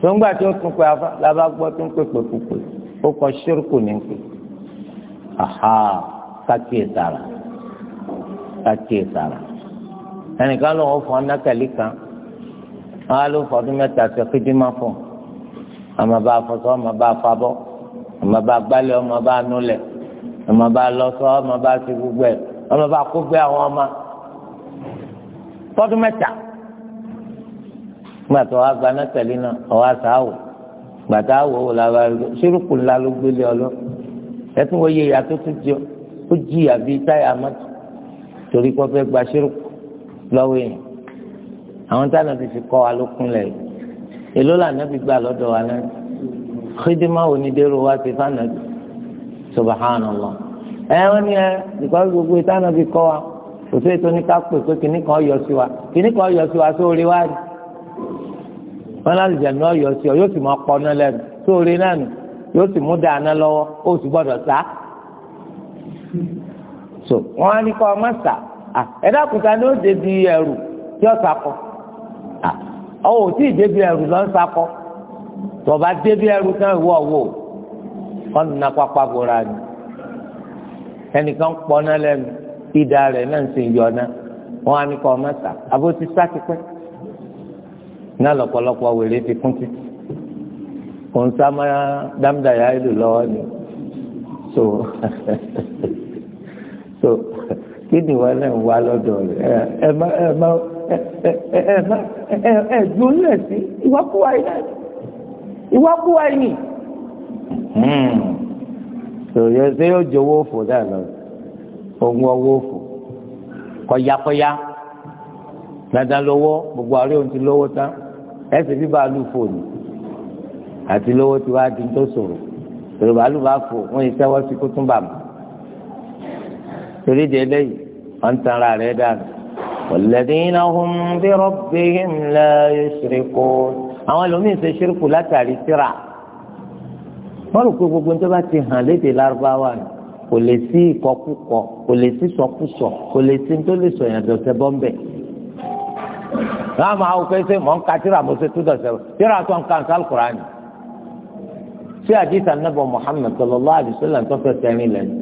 tó ń gbà tí ó tún pè àfa làbá gbọ́ tó ń pè pèpèpè ó kọ ṣírkù ní pè àhà kákìí sára kákìí sára ẹnìkan ló fún ọ kan wọ́n á ló fọdún mẹ́ta ṣe kídímà fún àmàbà afọsọ àmàbà afabọ àmàbà agbálẹ̀ ọmọ bá nulẹ̀ ọmọ bá lọ sọ ọmọ bá ṣe gbogbo ẹ ọmọ bá kó gbé àwọn ọmọ tọdún mẹ́ta gbàtọ wa gbaná tẹlẹ náà ọwọ àtàwọ gbàtà àwọ wò làwọn ẹgbẹ́ ṣírùkù ńlá ló gbélé ọ lọ ẹtún wọ iye ìyá tó tún jẹ ó jí àbí táyà mọ́tò torí kó fẹ́ gba ṣírùkù lọ́wọ́ èèyàn àwọn táwọn ti fi kọ́ wa ló kúnlẹ̀ yìí èló làná fi gbà lọ́dọ̀ wa náà xidimá onídéró wa ti fànà jù subhanallah ẹ wọ́n ní ẹ nìkan gbogbo ìtànà fi kọ́ wa kò sí ètò níka pè pé kìnnì kan yọ sí wa kìnnì kan yọ sí wa sóore wá rí wọn láti jẹ náà yọ sí ọ yóò sì máa pọ náà lẹ́nu sóore náà nù yóò sì mú dáná lọ́wọ́ ó sì gbọ́dọ̀ sá so wọn á ní kọ́ ọmọ sá ẹ dákúta ni ó débi ẹrù tí ó sakọ ọ ò tí ì débi ẹrù lọ sakọ tọba débi ẹrù tán ìwọ wò ọ̀nà pápá bora ni ẹnìkan pọ́nà lẹ́nu ìdá rẹ̀ náà ń sè yọ̀nà wọn á ní kọ́ ọmọ sà àbó ti sá ti pẹ́ náà lọ́pọ̀lọpọ̀ wèrè fi kún títí òun sá máa dámdà yá ìlú lọ́wọ́ ni so *laughs* so kí ni wọn náà wá lọ́dọ̀ rẹ̀ ẹ má ẹ má ẹ má ẹ ẹ dùn lẹ̀ sí ìwákùwà yìí náà ìwákùwà yìí sòyọ ṣé yóò jẹ owó òfò dáa lọ ogún owó òfò kọyakọya dandan lówó gbogbo àárẹ òun ti lówó tán ẹsẹ bí bàálù fòònù àti lówó tí wàá di tó sọ̀rọ̀ èrò bàálù bá fò wọn yìí sẹwọ sí kó tún torí de eléyìí wọn tan ara rẹ dànù walladhina hum bi rabbihim la yushrikun àwọn ẹlòmíín ṣe ṣírkù látàrí síra wọ́n rò pé gbogbo ní tó bá ti hàn léde lárúbáwá ni kò lè sí ìkọkúkọ kò lè sí sọkúsọ kò lè sí tó lè sọyàn dọ̀sẹ̀ bọ́m̀bẹ̀. láàmú àwọn pèsè mọ̀ ń ka tíra mo ṣe tó dọ̀sẹ̀ bọ́ tíra tó ń ka ń sálù kúránì. sí àdìsá nàbọ̀ Muhammad sallallahu alaihi wasallam tó fẹ́ sẹ́rin lẹ́nu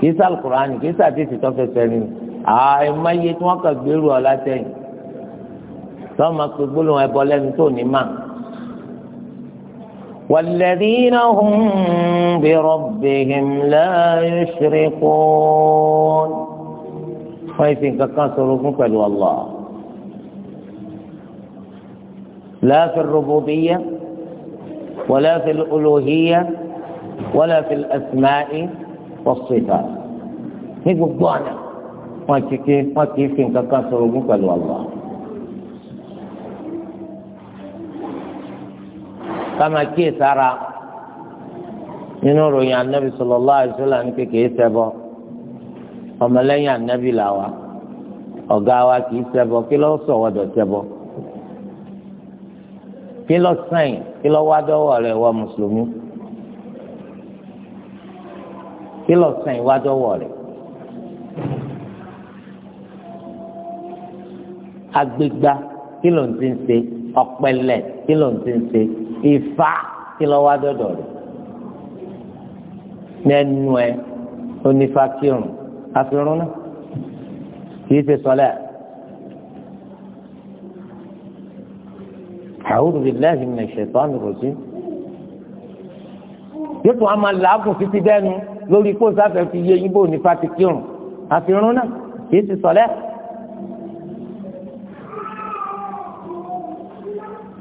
kì í sálù kúránì kì í sàdìsí tó fẹ́ sẹ́rin àìmọye tí wọ́n kà gbèrú ọ látẹ̀yìn tọ́ والذين هم بربهم لا يشركون فايتين كقاصركم قالوا الله لا في الربوبية ولا في الألوهية ولا في الأسماء والصفات هيك بوانا ما كيف ما كيف كقاصركم قالوا الله ká máa kíyè nínú ròyìn anabi sallallahu alaihi wasallam ní kékeré ṣẹbọ ọmọlẹ́yìn anabi làwà wa kì í ṣẹbọ kí lọ sọ wọdọ kí lọ sàn kí lọ wá dọ́wọ́ rẹ̀ wọ mùsùlùmí kí lọ sàn wá kí ló ń ọ̀pẹ̀lẹ̀ kí ló ń ti ń ṣe ìfà kí ló wá dọ̀dọ̀ rẹ̀ nẹ́nu ẹ onífà kírun àfihàn náà kì í ṣe sọlẹ̀ a'udhu billahi minash shaitani rajim yóò tún a máa làágùn títí dẹ́nu lórí kó sáfẹ́ fi yé yín bò nífà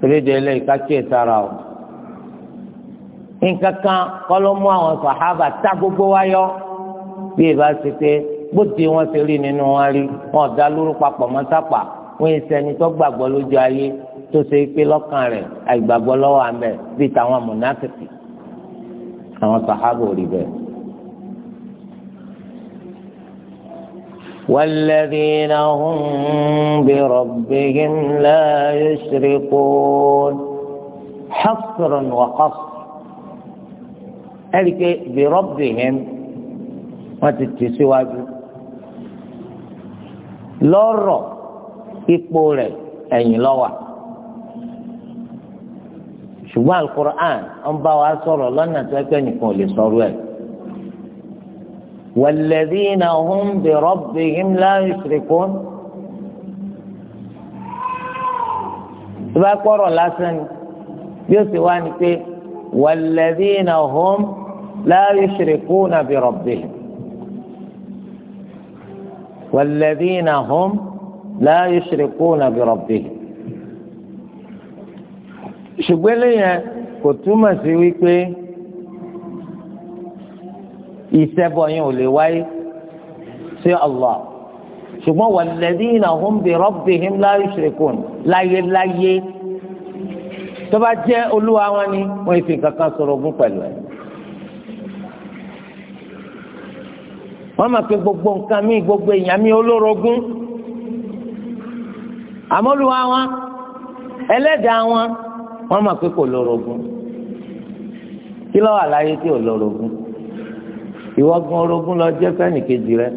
eléde eléyìí kákíyè sára o nǹkan kan kọ́lọ́ mú àwọn sàhábà tá gbogbo wa yọ bí ìbá ṣe pé gbòdì wọn ti rí nínú wọn rí wọn dá lóru papọ̀ mọ́ sápà wọn ìsẹni tó gbàgbọ́ lójú ayé tó ṣe pé lọ́kàn rẹ̀ àìgbàgbọ́ lọ́wọ́ àmẹ́ bíi tàwọn mùnáfíkì àwọn sàhábà ò rí bẹ́ẹ̀. والذين هم بربهم لا يشركون حصر وقصر ألك بربهم ما وتتسواج لور يقول أي لوا شو alukur'an أم bá wa sọ̀rọ̀ lọ́nà tó ẹgbẹ́ والذين هم بربهم لا يشركون تبقى قرأ لسن يسوان والذين هم لا يشركون بربهم والذين هم لا يشركون بربهم ṣùgbọ́n lẹ́yìn kò túmọ̀ ìṣẹ́bọ yẹn ò lè wáyé sí Allah ṣùgbọ́n walladhina hum bi rabbihim la yushrikun láyéláyé tó bá jẹ́ olúwa wọn ni wọ́n fi kankan sọ̀rọ̀ ogún pẹ̀lú ẹ̀. wọ́n máa pe gbogbo nǹkan mi gbogbo èèyàn mi olórogún àmọ́ wọn ẹlẹ́dàá wọn wọ́n máa pe kò lórogún kí ló wà tí ò lórogún ìwọ gan orogún lọ jẹ́ fẹ́nìkejì rẹ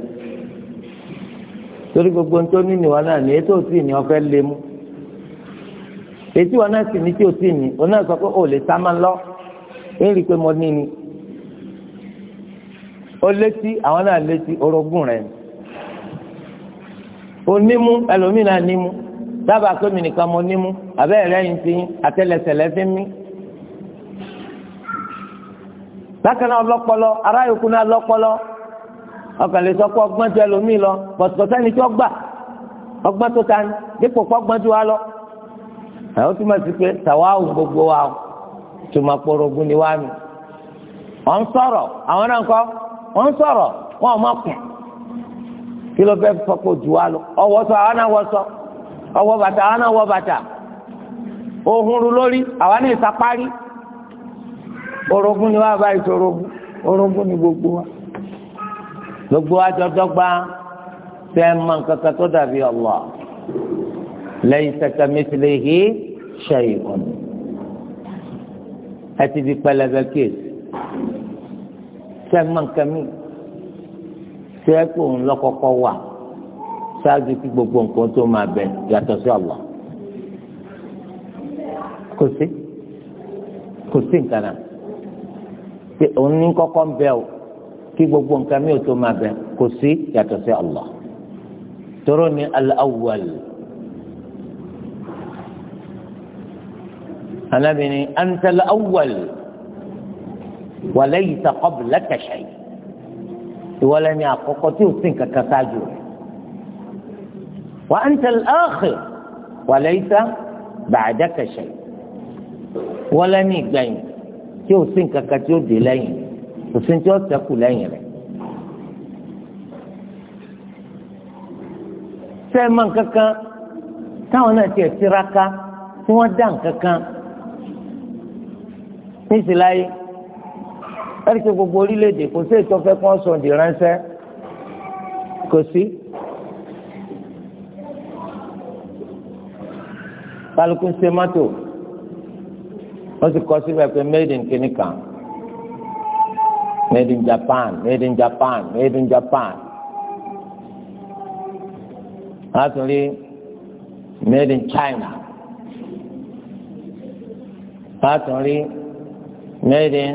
torí gbogbo ń tó ní ìwọ náà ní ètò òtí ni ọfẹ́ lé mú ètí wọn náà sì ní tí òtí ni òun náà sọ pé ó lè sá máa lọ ẹ rí i pé mo ní ni ó létí àwọn náà létí orogún rẹ onímú ẹlòmíràn nímú dábàá pé mi nìkan mo nímú àbẹ́ẹ̀rẹ́ yìí ti yín àtẹlẹsẹ̀lẹ́ fi mí. bákan ọlọpọlọ lọ́pọlọ ará yòókù náà lọ́pọlọ ọkàn lè sọ pé ọgbọ́n lọ pọ̀tùpọ̀ sẹ́ni tí ó gbà ọgbọ́n tó ta ni dípò pọ̀ ọgbọ́n ju wa lọ. àwọn pé gbogbo wa túmọ̀ pọ̀rọ̀gùn ni wá mi. wọ́n ń sọ̀rọ̀ àwọn náà kọ́ wọ́n ń sọ̀rọ̀ wọ́n ò kí ló fẹ́ lọ ọwọ́ sọ àwọn náà wọ sọ ọwọ́ orogún ni wá bá ìṣòro orogún ni gbogbo wa gbogbo wa dọ́dọ́gba tẹ́ ẹ mọ nǹkan tó dàbí Allah laysa kamithlihi shay'un ẹ ti di pẹlẹbẹ kéèsì tẹ́ ẹ mọ nǹkan mi tẹ́ ẹ kó ń lọ́kọ́kọ́ wà ṣáájú kí gbogbo nǹkan tó máa bẹ yàtọ̀ sí Allah kò sí kò sí nǹkan náà pé òun ní kọ́kọ́ ń bẹ o kí gbogbo nǹkan mi ò tó máa bẹ kò sí yàtọ̀ sí Allah tóró ni al-awwal anabi ni anta al-awwal wa laysa qablaka shay ìwọlẹ ni àkọ́kọ́ tí o sì ń kankan ṣáájú rẹ wa anta al-akhir wa laysa ba'daka shay ìwọlẹ ni ìgbẹ̀yìn tí ò sí nǹkan kan tí ó dé lẹ́yìn kò sí tí ó ṣẹ́kù lẹ́yìn rẹ̀. sẹ́ẹ̀mà kankan táwọn náà tiẹ̀ tiraka tí wọ́n dá nǹkan kan níṣìláyé ẹ̀ríkì gbogbo orílẹ̀-èdè kò sí ètò ọ̀fẹ́ kan sọ̀ndì ránṣẹ́ kò sí. kálukú se mọ́tò. wọ́n ti kọ síbẹ̀ pé made in kìnìkan made in Japan made in Japan made in Japan a made in China a made in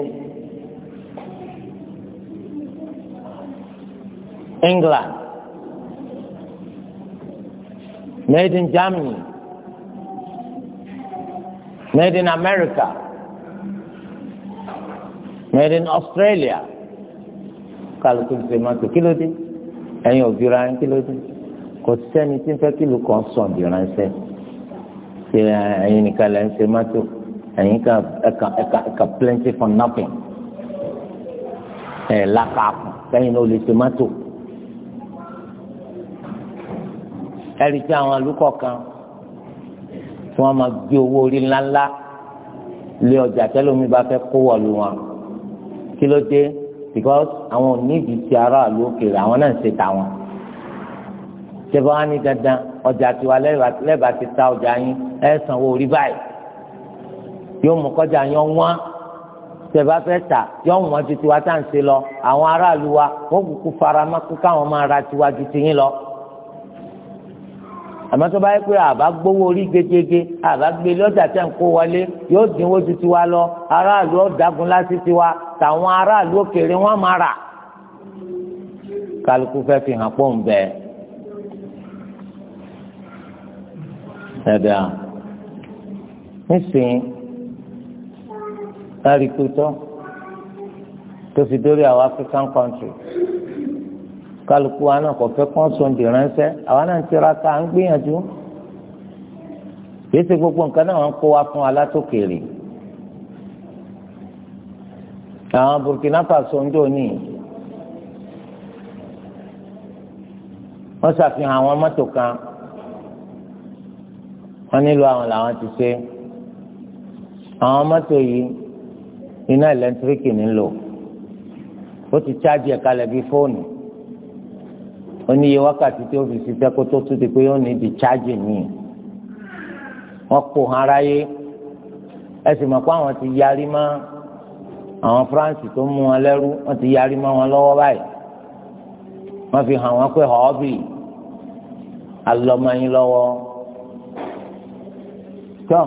England made in Germany. made in America, made in Australia. kálukú ti máa tó kí ló dé ẹ̀yin òbí ra ń kí ló dé kò sẹ́ni tí ń fẹ́ kí ló kàn sàn dì ránṣẹ́ ṣe ẹ̀yin nìkan lẹ́ ń ṣe tó ẹ̀yin kan ẹ̀ka ẹ̀ka ẹ̀ka plenty for nothing ẹ̀ lákàkùn lẹ́yìn náà ó lè ṣe máa tó ẹ̀rí tí àwọn alúkọ̀ kan tí wọ́n máa gbé owó orí ńláńlá lé ọjà tẹ́lómi bá fẹ́ kó wọ̀lú wọn kí ló dé because àwọn onídìí ti aráàlú òkèèrè àwọn náà ń ṣe tàwọn ṣẹfọ wá ní dandan ọjà tiwa lẹ́bàá ti ta ọjà yín ẹ sanwó orí báyìí yóò mú kọjá yín wọ́n ṣẹfọ fẹ́ tà yóò wọ́n ju tiwa tá à ń ṣe lọ àwọn aráàlú wa wọ́n kúkú fara mọ́ kó káwọn máa ra tiwa ju tiyín lọ àmọ́ tó bá yẹ pé àbá gbowó orí gegege àbá gbé lọ́jà tẹ̀ ń kó wọlé yóò dínwó ju tiwa lọ aráàlú ọ̀dàgùn láti tiwa tàwọn aráàlú òkèèrè wọn máa rà kálukú fẹ́ fi hàn pọ̀ ń bẹ. ẹ̀dá nísìnyí lárí pé tó fi dórí àwọn African country kálukú wa náà kò fẹ́ kán sóńdè ránṣẹ́ àwa náà ń tiraka à ń gbìyànjú kìí ṣe gbogbo nǹkan náà wọ́n kó wa fún alátòkèrè àwọn Burkina Faso ń jò ní wọ́n ṣàfihàn àwọn mọ́tò kan wọ́n nílò àwọn làwọn ti ṣe àwọn mọ́tò yìí iná ẹ̀lẹ́ntíríkì nílò ó ti chájì ẹ̀ka lẹ̀ fóònù ó ní iye wákàtí tí ó fi ṣiṣẹ́ kó tó tún ti pé ó ní di chájì míì wọ́n kó hàn aráyé ẹ sì mọ̀ pé àwọn ti yarí mọ́ àwọn France tó mú wọn lẹ́rú wọ́n ti yarí mọ́ wọn lọ́wọ́ báyìí wọ́n fi hàn wọ́n pé họ́ọ́bì alọ́mọyìn lọ́wọ́ tó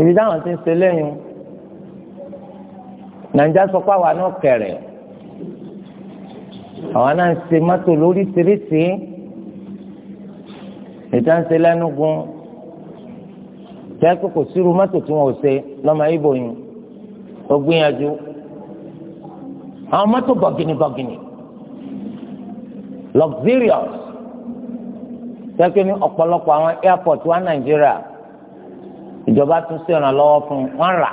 ibi táwọn ti ń ṣe lẹ́yìn nàìjíríà sọ pé àwa náà kẹrẹ̀ẹ́ àwọn náà ń ṣe mọ́tò lóríṣiríṣi ìta ń ṣe lẹ́nugun tẹ́kù kò sírú mọ́tò tí wọ́n ò ṣe lọ́mọ ibo ó gbìyànjú àwọn mọ́tò bọ̀gìnì bọ̀gìnì luxurious tẹ́kù ní ọ̀pọ̀lọpọ̀ àwọn airport wa Nàìjíríà ìjọba tún ṣèrànlọ́wọ́ fún wọn rà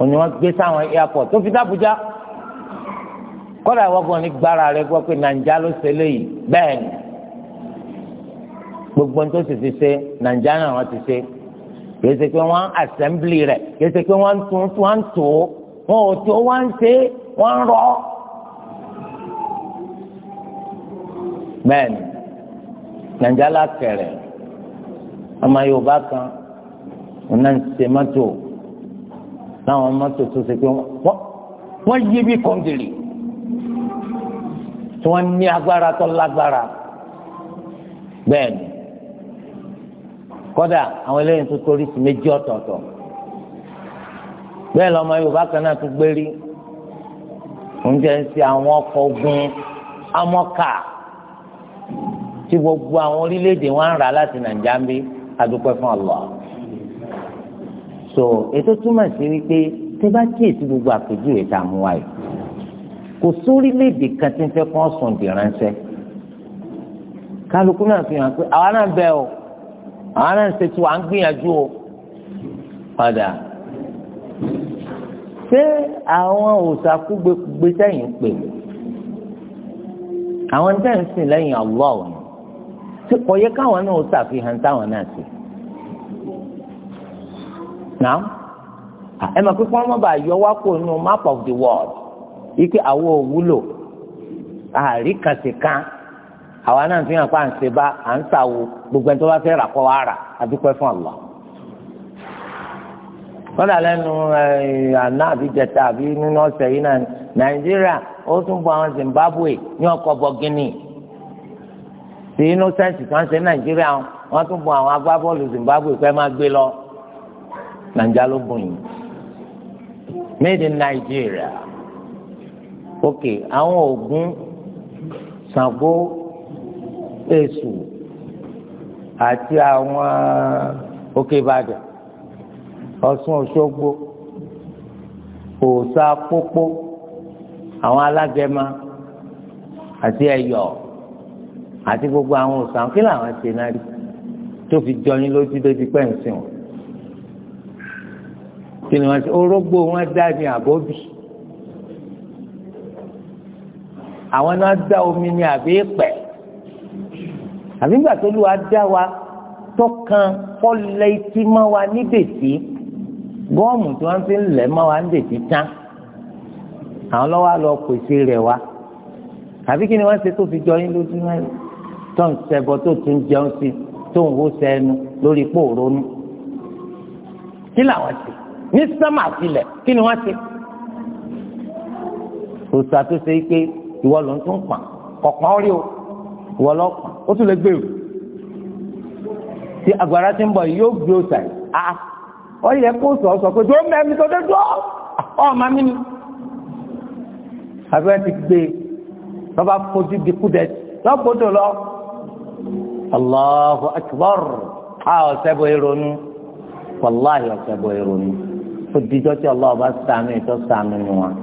òní wọn gbé sáwọn airport tó fi dábùjá kọ́dà wọ́gbọ́n ní gbára rẹ gbọ́ pé nàìjà ló ṣe léyìí bẹ́ẹ̀ ni gbogbo tó sì ti ṣe nàìjà náà wọ́n ti ṣe kìí ṣe pé wọ́n assembly rẹ̀ kìí ṣe pé wọ́n tún wọ́n tó wọ́n ò tó wọ́n ṣe wọ́n rọ́ bẹ́ẹ̀ ni nàìjà lákẹ̀rẹ̀ ọmọ Yorùbá kan ọ̀nà ṣe mọ́tò láwọn mọ́tò tó ṣe pé wọ́n yí bí kọ́ńdìrì tí wọ́n ní agbára tó lágbára bẹ́ẹ̀ ni kódà àwọn eléyìí tó torí sí méjì ọ̀tọ̀ọ̀tọ̀ bẹ́ẹ̀ lọ́mọ Yorùbá kan náà tún gbérí oúnjẹ ń ṣe àwọn ọkọ̀ ogun amọ́kà tí gbogbo àwọn orílẹ̀-èdè wọn ń rà láti Nàìjíríà ń bí adúpẹ́ fún Allah so ètò túmọ̀ sí wípé tí bá kíyèsí gbogbo àpèjúwe tá a mú wáyé kò sórílẹ̀èdè kan tí ń fẹ́ kó sùn dì ránṣẹ́ kálukú náà fi hàn pé àwa náà bẹ o àwa náà ń ṣe tí wàá ń gbìyànjú o padà ṣé àwọn òṣàkúgbèkúgbè sẹ́yìn pè àwọn tẹ́ ń sìn lẹ́yìn Allah ni tí kò yẹ káwọn náà ṣàfihàn táwọn náà ṣe náà ẹ máa pípọ́n mọ́ bá yọ wá kó nínú map of the world. ike àwọn òwúlò àríkàsíkà àwa náà fi hàn pa n ń ṣe à ń gbogbo ẹni tó bá rà kọ́ rà fún Allah. wọ́n dà lẹ́nu àná àbíjẹta àbí nínú ọ̀sẹ̀ yìí náà nàìjíríà ó Zimbabwe ní ọkọ̀ bọ̀gìnì si innocent tí wọ́n ṣe nàìjíríà wọ́n tún bọ àwọn agbábọ́ọ̀lù Zimbabwe pé máa gbé lọ nàìjíríà made in Nigeria. ok àwọn ògún Ṣàngó Èṣù àti àwọn òkè Ìbàdàn Ọ̀ṣun Òṣogbo òòṣà pópó àwọn alágẹmà àti ẹ̀yọ̀ àti gbogbo àwọn òòṣà kí làwọn ṣe náà rí tó fi jọyín lójú lójú pẹ́ǹsì wọn kí ni wọ́n ṣe orógbó wọn dá ní àbóbì. àwọn náà dá omi ní àbí pẹ̀ àbí nígbà tó lù wá dá wa tọkàn kọ́lẹ̀ etí mọ́ wa níbèsí gọ́ọ̀mù tí wọ́n fi ń lẹ̀ mọ́ wa níbèsí tán àwọn lọ́wọ́ lọ pèsè rẹ̀ wa àbí kí ni wọ́n ṣe tó fi jọ yín lójú náà tó ń ṣẹbọ tó tún jẹun sí tó ń wó sẹ́nu lórí pòrónú kí làwọn ṣe ní sẹ́mà sílẹ̀ kí ni wọ́n ṣe kò ṣàtúnṣe pé ìwọ ló ń tún pọn kọ̀pọ̀ rí o ìwọ lọ pọn ó tún lè gbèrú tí agbára ti ń bọ̀ yóò gbé o sàì a ó yẹ kó sọ sọ pé tó mẹ́mi tó dé dúró ọ̀ máa mi ni abẹ́rẹ́ ti gbé lọ́ba fojú di kúdẹ lọ́gbọ́dọ̀ lọ Allahu akbar a ọ̀sẹ̀ bọ̀ ìrònú wàláhì ọ̀sẹ̀ bọ̀ ìrònú ó dijọ́ tí ọlọ́ọ̀bá sàmì tó sàmì nù wọn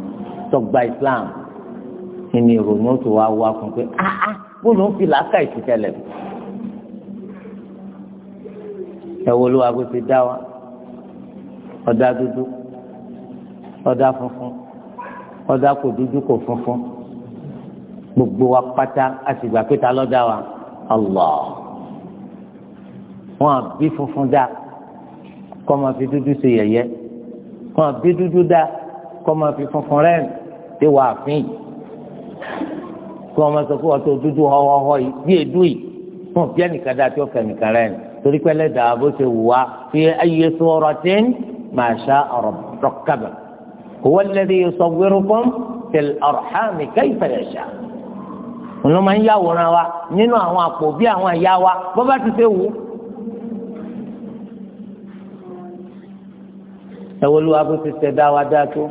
tó gba Islam ìsinmi ìrònú tó wá wá fún pé áá ah, ah, bó ló ń fi làákà ìsìtẹlẹ ẹ wo ló wa bó ti dá wa ọ̀dà dúdú ọ̀dà funfun ọ̀dà kò dúdú kò funfun gbogbo wa pátá a sì gbà pé ta ló dá wa Allah wọn àbí funfun dá kọ́ máa fi dúdú ṣe yẹ̀yẹ́ wọn àbí dúdú dá kọ́ máa fi funfun rẹ́ẹ̀n tí wàá fín yìí kí wọn máa sọ fún wa tó dúdú họhọhọ yìí bí èdú yìí fún bí ẹnìkan dá tí ó fẹ́ nìkan rẹ ni torí pé lẹ́dàá bó ṣe wù wá fi ayé sọ̀rọ̀ tí ń máa ṣá ọ̀rọ̀ dọ́kàbà huwa alladhi yusawwirukum fil arhami kayfa yasha òun máa ń yàwòrán wa nínú àwọn àpò bí àwọn ìyá wa bó ti ṣe wù ú. ẹ̀wọ́n ló bó ti ṣẹ̀dá wa dá tó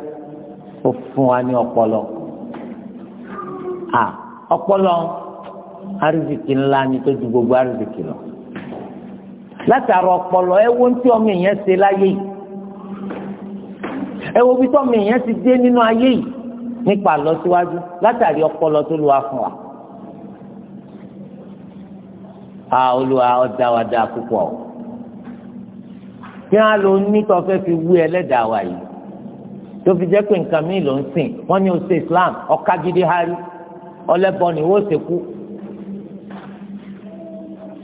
ó fún wa ní ọpọlọ à ọpọlọ arizikì ńlá ni tó ju gbogbo arizikì lọ látara ọpọlọ ẹ wo ntí ọmọ èèyàn ṣe láyé yìí ẹ wo bí tọmọ èèyàn ti dé nínú ayé yìí nípa àlọsíwájú látàrí ọpọlọ tó lu wa wa. a olúwa ọjà wa dáa púpọ̀ kí wọn lò ní tó fi wú ẹlẹ́dàá wa yìí tó fi jẹ́ pé nǹkan mi ló ń sìn wọ́n ní o ṣe Islam ọ̀ka gidi hari ọlẹ́bọ ni wọ́n ṣe kú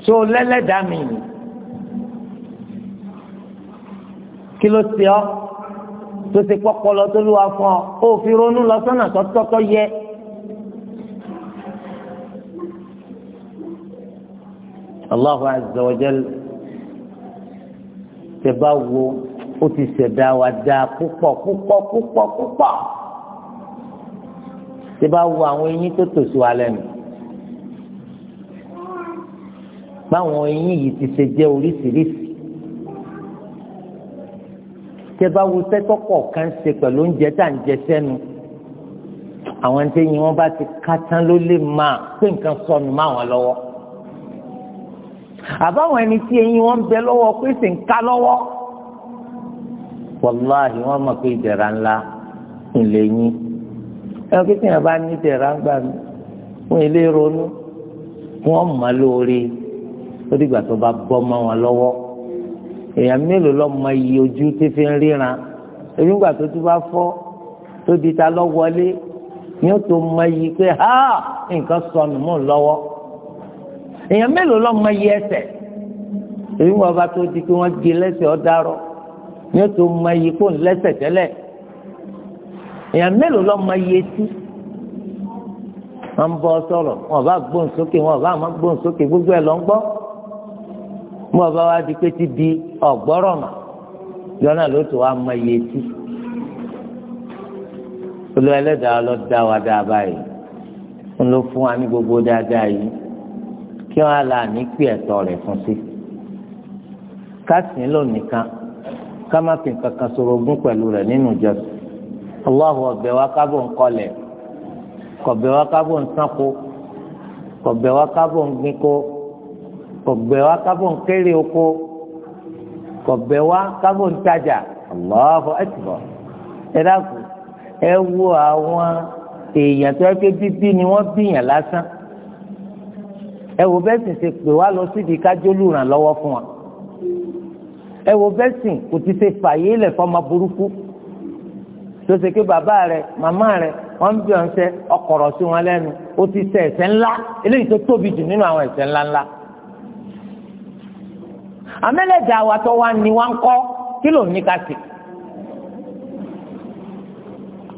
tó lẹ́lẹ́dàá mi ni kí ló ṣe ọ́ tó ṣe pọ́pọ́lọ́ tó lù wá fún ọ ó fi ronú lọ sọ́nà tọ́tọ́tọ́ yẹ. Allahu azza wa jal tẹ bá wo ó ti ṣẹ̀dá wa dáa púpọ̀ púpọ̀ púpọ̀ púpọ̀ tí bá wo àwọn eyín tó tòṣù wa lẹ́nu báwọn eyín yìí ti ṣe jẹ́ oríṣiríṣi tí bá wo sẹ́tọ́pọ̀ kan ṣe pẹ̀lú oúnjẹ tá à ń jẹ sẹ́nu àwọn tí eyín wọn bá ti ká tán ló lè máa pé nǹkan sọnù má wọn lọ́wọ́ àbáwọn ẹni tí eyín wọn bẹ lọ́wọ́ pé sì ń ká lọ́wọ́ wàláhì wọn mọ̀ pé ìdẹ̀ra ńlá ńlẹ̀ yín ẹ̀rọ kí tèèyàn bá ní tẹ̀ra ń gbà mí wọn ilé ronú wọn mọ̀ lórí ó dìgbà tó bá bọ́ mọ́ wọn lọ́wọ́ èèyàn mélòó lọ́ iye ojú tí fi ń ríran èyí ńgbà tó tún bá fọ́ tó di ta lọ́ wọlé ni ó tó mọ iye pé ha nǹkan sọnù mọ́ lọ́wọ́ èèyàn mélòó lọ́ mọ iye ẹsẹ̀ èyí ńgbà bá tó di pé wọ́n gé lẹ́sẹ̀ ọ̀dárọ̀ ni ó tó mọ iye kó ń lẹ́sẹ̀ tẹ́lẹ̀ èèyàn mélòó lọ mọ iye tí wọn bọ sọ̀rọ̀ wọn bá gbóhùn sókè wọn bá má gbóhùn sókè gbogbo ẹ lọ ń gbọ́ wọn bá wá di pé ti di ọgbọrọ mà yọnà ló tó wá mọ iye tí olú ẹlẹ́dàá lọ dá wa dá a ń lọ fún wa ní gbogbo dáadáa yìí kí wọn á là ní pí ẹ̀tọ́ rẹ̀ fún sí ká sìn lónìí ká má fi nǹkan kan sọ̀rọ̀ ogún pẹ̀lú rẹ̀ nínú ìjọsìn. الله ọ̀bẹ wa kábò ń kọlẹ̀ kọ̀bẹ wa kábò ń sanko kọ̀bẹ wa kábò ń gbinko kọ̀bẹ wa kábò ń kéré oko kọ̀bẹ wa kábò ń tajà Allahu akbar ẹ dákú ẹ wo àwọn èèyàn tó yẹ pé bíbí ni wọ́n bíyàn lásán ẹ wo ṣe pè wá lọ síbi kájọ́lù ràn lọ́wọ́ fún wa ẹ wo kò ti ṣe fàyè lẹ̀ fọ́ burúkú tó ṣe pé bàbá rẹ màmá rẹ wọn bí wọn ṣe ọkọrọ sí wọn lẹ́nu ó ti ṣe ẹ̀ṣẹ̀ ńlá eléyìí tó tóbi jù nínú àwọn ẹ̀ṣẹ̀ ńlá ńlá. àmẹ́lẹ̀dà àwàtọ́ wa ni wọ́n ń kọ́ kí ló ní ká sí.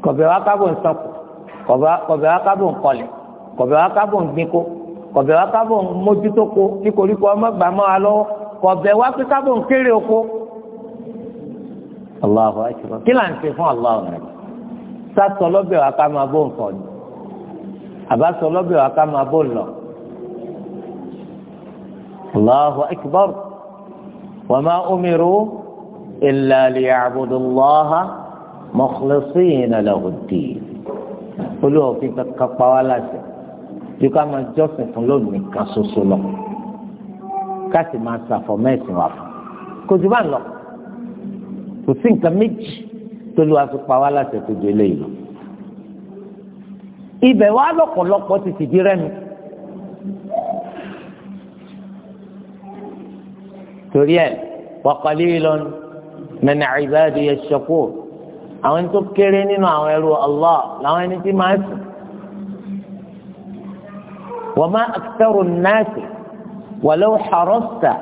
kọ̀bẹ̀ wa kábò ń sọkù kọ̀bẹ̀ wa kábò ń kọlẹ̀ kọ̀bẹ̀ wa kábò ń gbin kó kọ̀bẹ̀ wa kábò ń mójútó kó nítorí kó ọmọ gbàmọ́ wa lọ́wọ́ kọ̀bẹ̀ wa pé kábò ń kéré oko Allahu akbar kí là ń ṣe fún Allahu akbar sásọ lọ́bẹ̀ wa ká máa bó nǹkan ni àbá sọ lọ́bẹ̀ wa ká máa bó lọ Allahu akbar wa ma umiru illa liya'budu Allaha mukhlisina lahu ad-din olùwọ̀fin kankan pa bí ká máa jọ́sìn fún lónìí kan ṣoṣo lọ ká sì máa ṣàfọ̀mẹ́sìn wà fún kò lọ. kò sí nǹkan méjì tó lù wá fi pa wá láti ẹ̀tọ́ ju eléyìí lọ. ibẹ̀ wá lọ́pọ̀lọpọ̀ ti ti fìdí rẹ́mi. torí ẹ̀ wa qalilun min ibadiya ash-shakur àwọn ẹni tó kéré nínú àwọn ẹrú Allah làwọn ẹni tí máa sùn. wa ma aktharu an-nasi walau harasta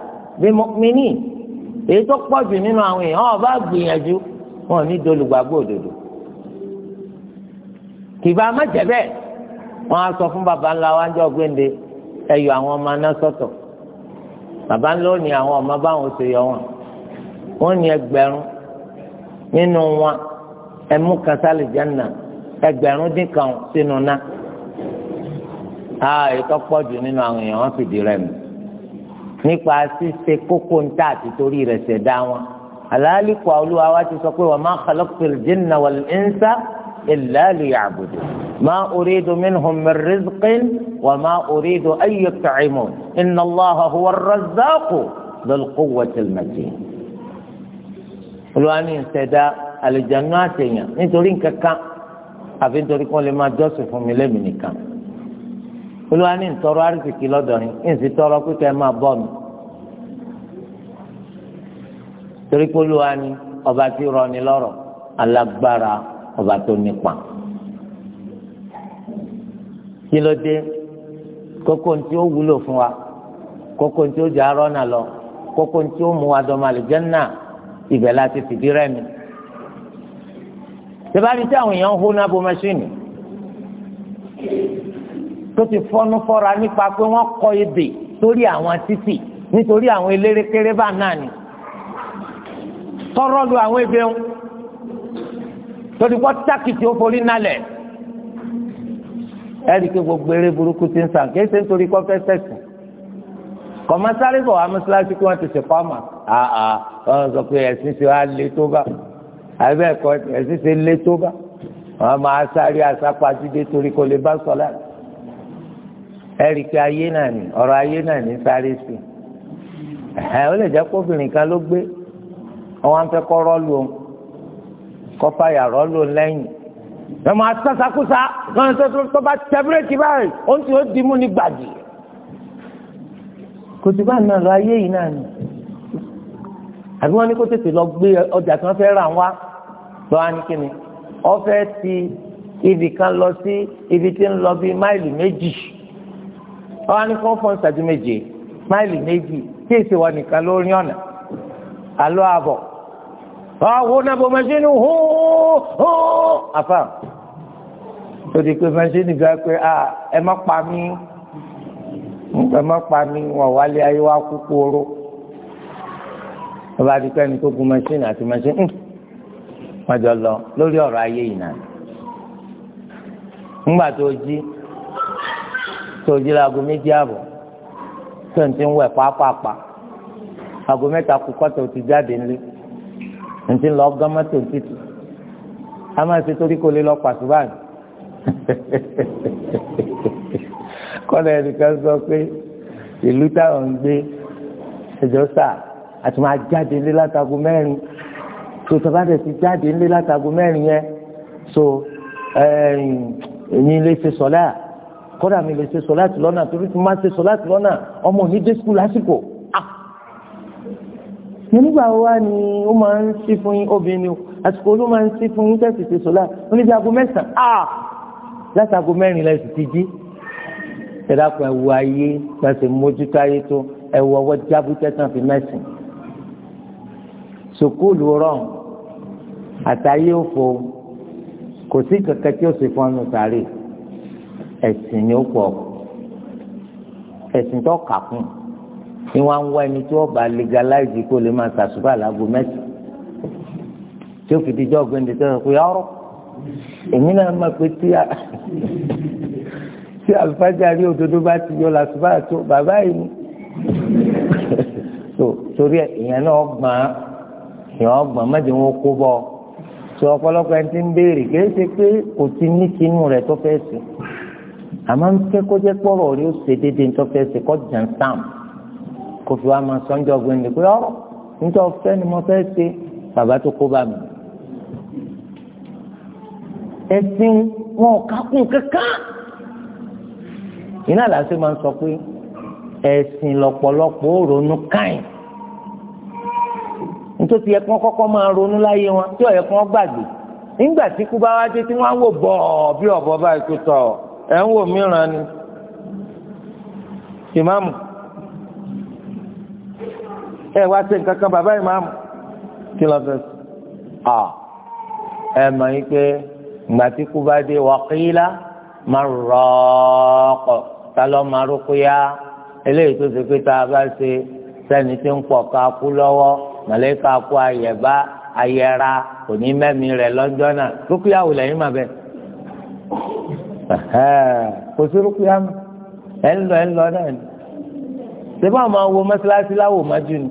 bi mu'minin. èyí tó pọ̀ jù nínú àwọn èèyàn ọba gbìyànjú wọn ò ní dolùgbàgbọ́ òdodo kìbá má jẹ́ bẹ́ẹ̀ wọn á sọ fún baba ńlá wa ń jọ gbéǹde ẹ yọ àwọn ọmọ aná sọ́tọ̀ baba ńlá ò ní àwọn ọmọ báwọn ṣe yọ wọn wọn ní ẹgbẹ̀rún nínú wọn ẹmú kasálì jẹnà ẹgbẹ̀rún dín kan sínú ná àà ètò pọ̀ jù nínú àwọn èèyàn wọn fìdí rẹ̀ mi nípa ṣíṣe kókó ń tà àti torí rẹ̀ ṣẹ̀dá wọn àlàálìkọ olúwa wa ti sọ pé wa ma khalaqtul jinna wal insa illa liya'budun ma uridu minhum min rizqin wa ma uridu an yut'imun inna Allaha huwa ar-razzaqu dhul quwwatil matin. olúwa ní ìṣẹ̀dá àlùjànnú àtẹ̀yàn nítorí nǹkan kan àfi nítorí kí lè máa jọ́sìn fún mi lẹ́mìí nìkan olúwa ní ntọrọ arísìkí lọ́dọ̀ ni nsì tọrọ pípẹ máa bọ mi torí pé olúwa ní ọba tí rọ̀ ni lọ́rọ̀ alágbára ọba tó nípa kí ló dé kókó ntí ó wúlò fún wa kókó ntí ó jẹ arọ náà lọ kókó ntí ó mú wa dọmọ àlùjànnà ibẹ̀ láti fìdí rẹmi tẹ́bárí tí àwọn èèyàn ń hó náà bó mẹ́ṣíìnì tó ti fọ́nú fọ́ra nípa pé wọ́n kọ ebè sórí àwọn títì nítorí àwọn elérekere bá náà ni tọrọ lu àwọn ebè ń torí kọ́ tákìtì ó forí nálẹ̀ ẹ̀rí pé gbogbo eré burúkú ti ń sàn kí ṣe nítorí kọ́ fẹ́ sẹ̀sìn kọ̀mọ́sáré bọ̀ wá mọ́sálásí kí wọ́n ti ṣe fáwọn àà wọ́n sọ pé ẹ̀sìn ṣe wá tó bá àbẹ́ẹ̀kọ́ ẹ̀sìn ṣe lé tó bá wọ́n máa sáré àsápàdé torí kò lè bá sọ láti ẹ̀rí pé ayé náà ni ọ̀rọ̀ ayé náà ní sáré sí ẹ̀ ó lè jẹ́ kóbìnrin kan ló gbé wọn fẹ́ kọ́ rọ́ọ̀lù òun kọ́ fàyà rọ́ọ̀lù òun lẹ́yìn ẹ máa sásákúsá lọ́nà tó tó bá tẹ́bírẹ́tì báyìí ó ti ó dimú ní gbàdì kò sí báyìí náà lọ ayé yìí náà ni àbí wọn ní kó tètè lọ gbé ọjà tí wọn fẹ́ rà wá lọ́wọ́ á ní kíni ọ fẹ́ ti ibì kan lọ sí ibi tí ń lọ bíi máìlì méjì ọ̀hún ni fún fún ìṣẹ́jú méje máìlì méjì tí èsì wà nìkan lórí ọ̀nà àlọ́ àbọ̀ ọ̀hún nàbọ̀ mẹ́ṣínì hóó hóó àfà lórí pé mẹ́ṣínì gbà pé ẹ má pa mí ẹ má pa mí wọ́n wálé ayé wa kú kóró ọba àdìpẹ́ ni tó gun àti mẹ́ṣínì wọ́n jọ lọ lórí ọ̀rọ̀ ayé yìí náà ńgbà tó jí tó jí láago méjì ààbọ̀ tó ń ti ń wẹ̀ pàápàá aago mẹ́ta kù kọ́tà ti jáde ńlé ń ti lọ gán mọ́tò ń títì a máa ṣe torí kò lè lọ pàṣẹ báyìí *laughs* kọ́lẹ̀ ẹnìkan sọ pé ìlú táwọn ń gbé ẹjọ́ sáà àti máa jáde ńlé látago mẹ́rin tó tọ́ba dẹ̀ ti jáde ńlé látago mẹ́rin yẹn so ẹ̀yìn ilé ṣe sọ́lá kódà mi lè ṣe sọ láti lọ́nà torí tí mo máa ṣe sọ láti lọ́nà ọmọ òní dé skul lásìkò ah! nígbà wo wá ni ó máa ń sí fún yín obìnrin o àsìkò ló máa ń sí fún yín tẹ̀sí ṣe sọ láti oníbi aago mẹ́sàn-án ah láti aago mẹ́rin la sì ti jí ṣẹ̀dá kan ẹ̀wù ayé gbàṣẹ mójútó ayé tó ẹ̀wù ọwọ́ jábútẹ́ tán fi mẹ́sìn sukulu rọ̀n àtàyé òfò kò sí kankan tí ó sì fọ́nù sáré ẹ̀sìn ni ó pọ̀ ẹ̀sìn tó kà kún ni wọ́n á ń wá ẹni tí wọ́n bá legalize kó lè máa ṣàṣùbà láago mẹ́sì tí ó fi di jọ́ gbẹ́ndé tó ń pè ọ́rọ́ èmi náà máa pe tí a *laughs* tí àlùfáàjà rí òdodo bá ti yọ làṣùbà tó bàbá yìí ni *laughs* torí ìyẹn náà gbọ́n ìyẹn ọgbọ́n mẹ́jọ wọn kó bọ́ ọ sọ ọ̀pọ̀lọpọ̀ ẹni tí ń béèrè kì í ṣe pé kò ti ní tinú rẹ̀ tó fẹ́ sùn àmọ́ ń ké kó jẹ́ pọ́rọ̀ rí ó ṣe déédéé ń tọ́fẹ́ ṣe kọ́ jẹun sáàm kó fi wá máa sọ́njọ́ gbẹ̀ndé pé ọ̀rọ̀ nítorí ọ̀fẹ́ ni mo fẹ́ ṣe bàbá tó kó bá mi. ẹ̀sìn wọn ò kákùn kankan iná làásù máa ń sọ pé ẹ̀sìn lọ́pọ̀lọpọ̀ ó ronú káyìn nítorí yẹ kí wọ́n kọ́kọ́ máa ronú láyé wọn tí ó gbàgbé nígbà tí kú bá wá dé tí wọ́n á wò bọ̀ bí ọ̀bọ báyìí tó tọ̀ ọ́ ẹ̀ ń wò mìíràn ni ìmáàmù ẹ wá sí nǹkan kan bàbá ìmáàmù kí ló fẹ́ à ẹ mọ̀ yín pé ìgbà tí kú bá dé wàkílá máa rọ́ọ̀kọ̀ ta ló máa rúkúyá eléyìí tó ṣe pé tá a bá ṣe sẹ́ni tí ń pọ̀ ká kú lọ́wọ́ mọ̀lẹ́ka kú ayẹ̀bá ayẹra kò ní mẹ́mi rẹ̀ lọ́jọ́ náà rúkúyá wò lẹ́yìn màbẹ́ kò sí rúkúyà mọ́ ẹ̀ ń lọ ẹ̀ ń lọ náà ni sèbá máa wo mọ́sálásí láwò májú ni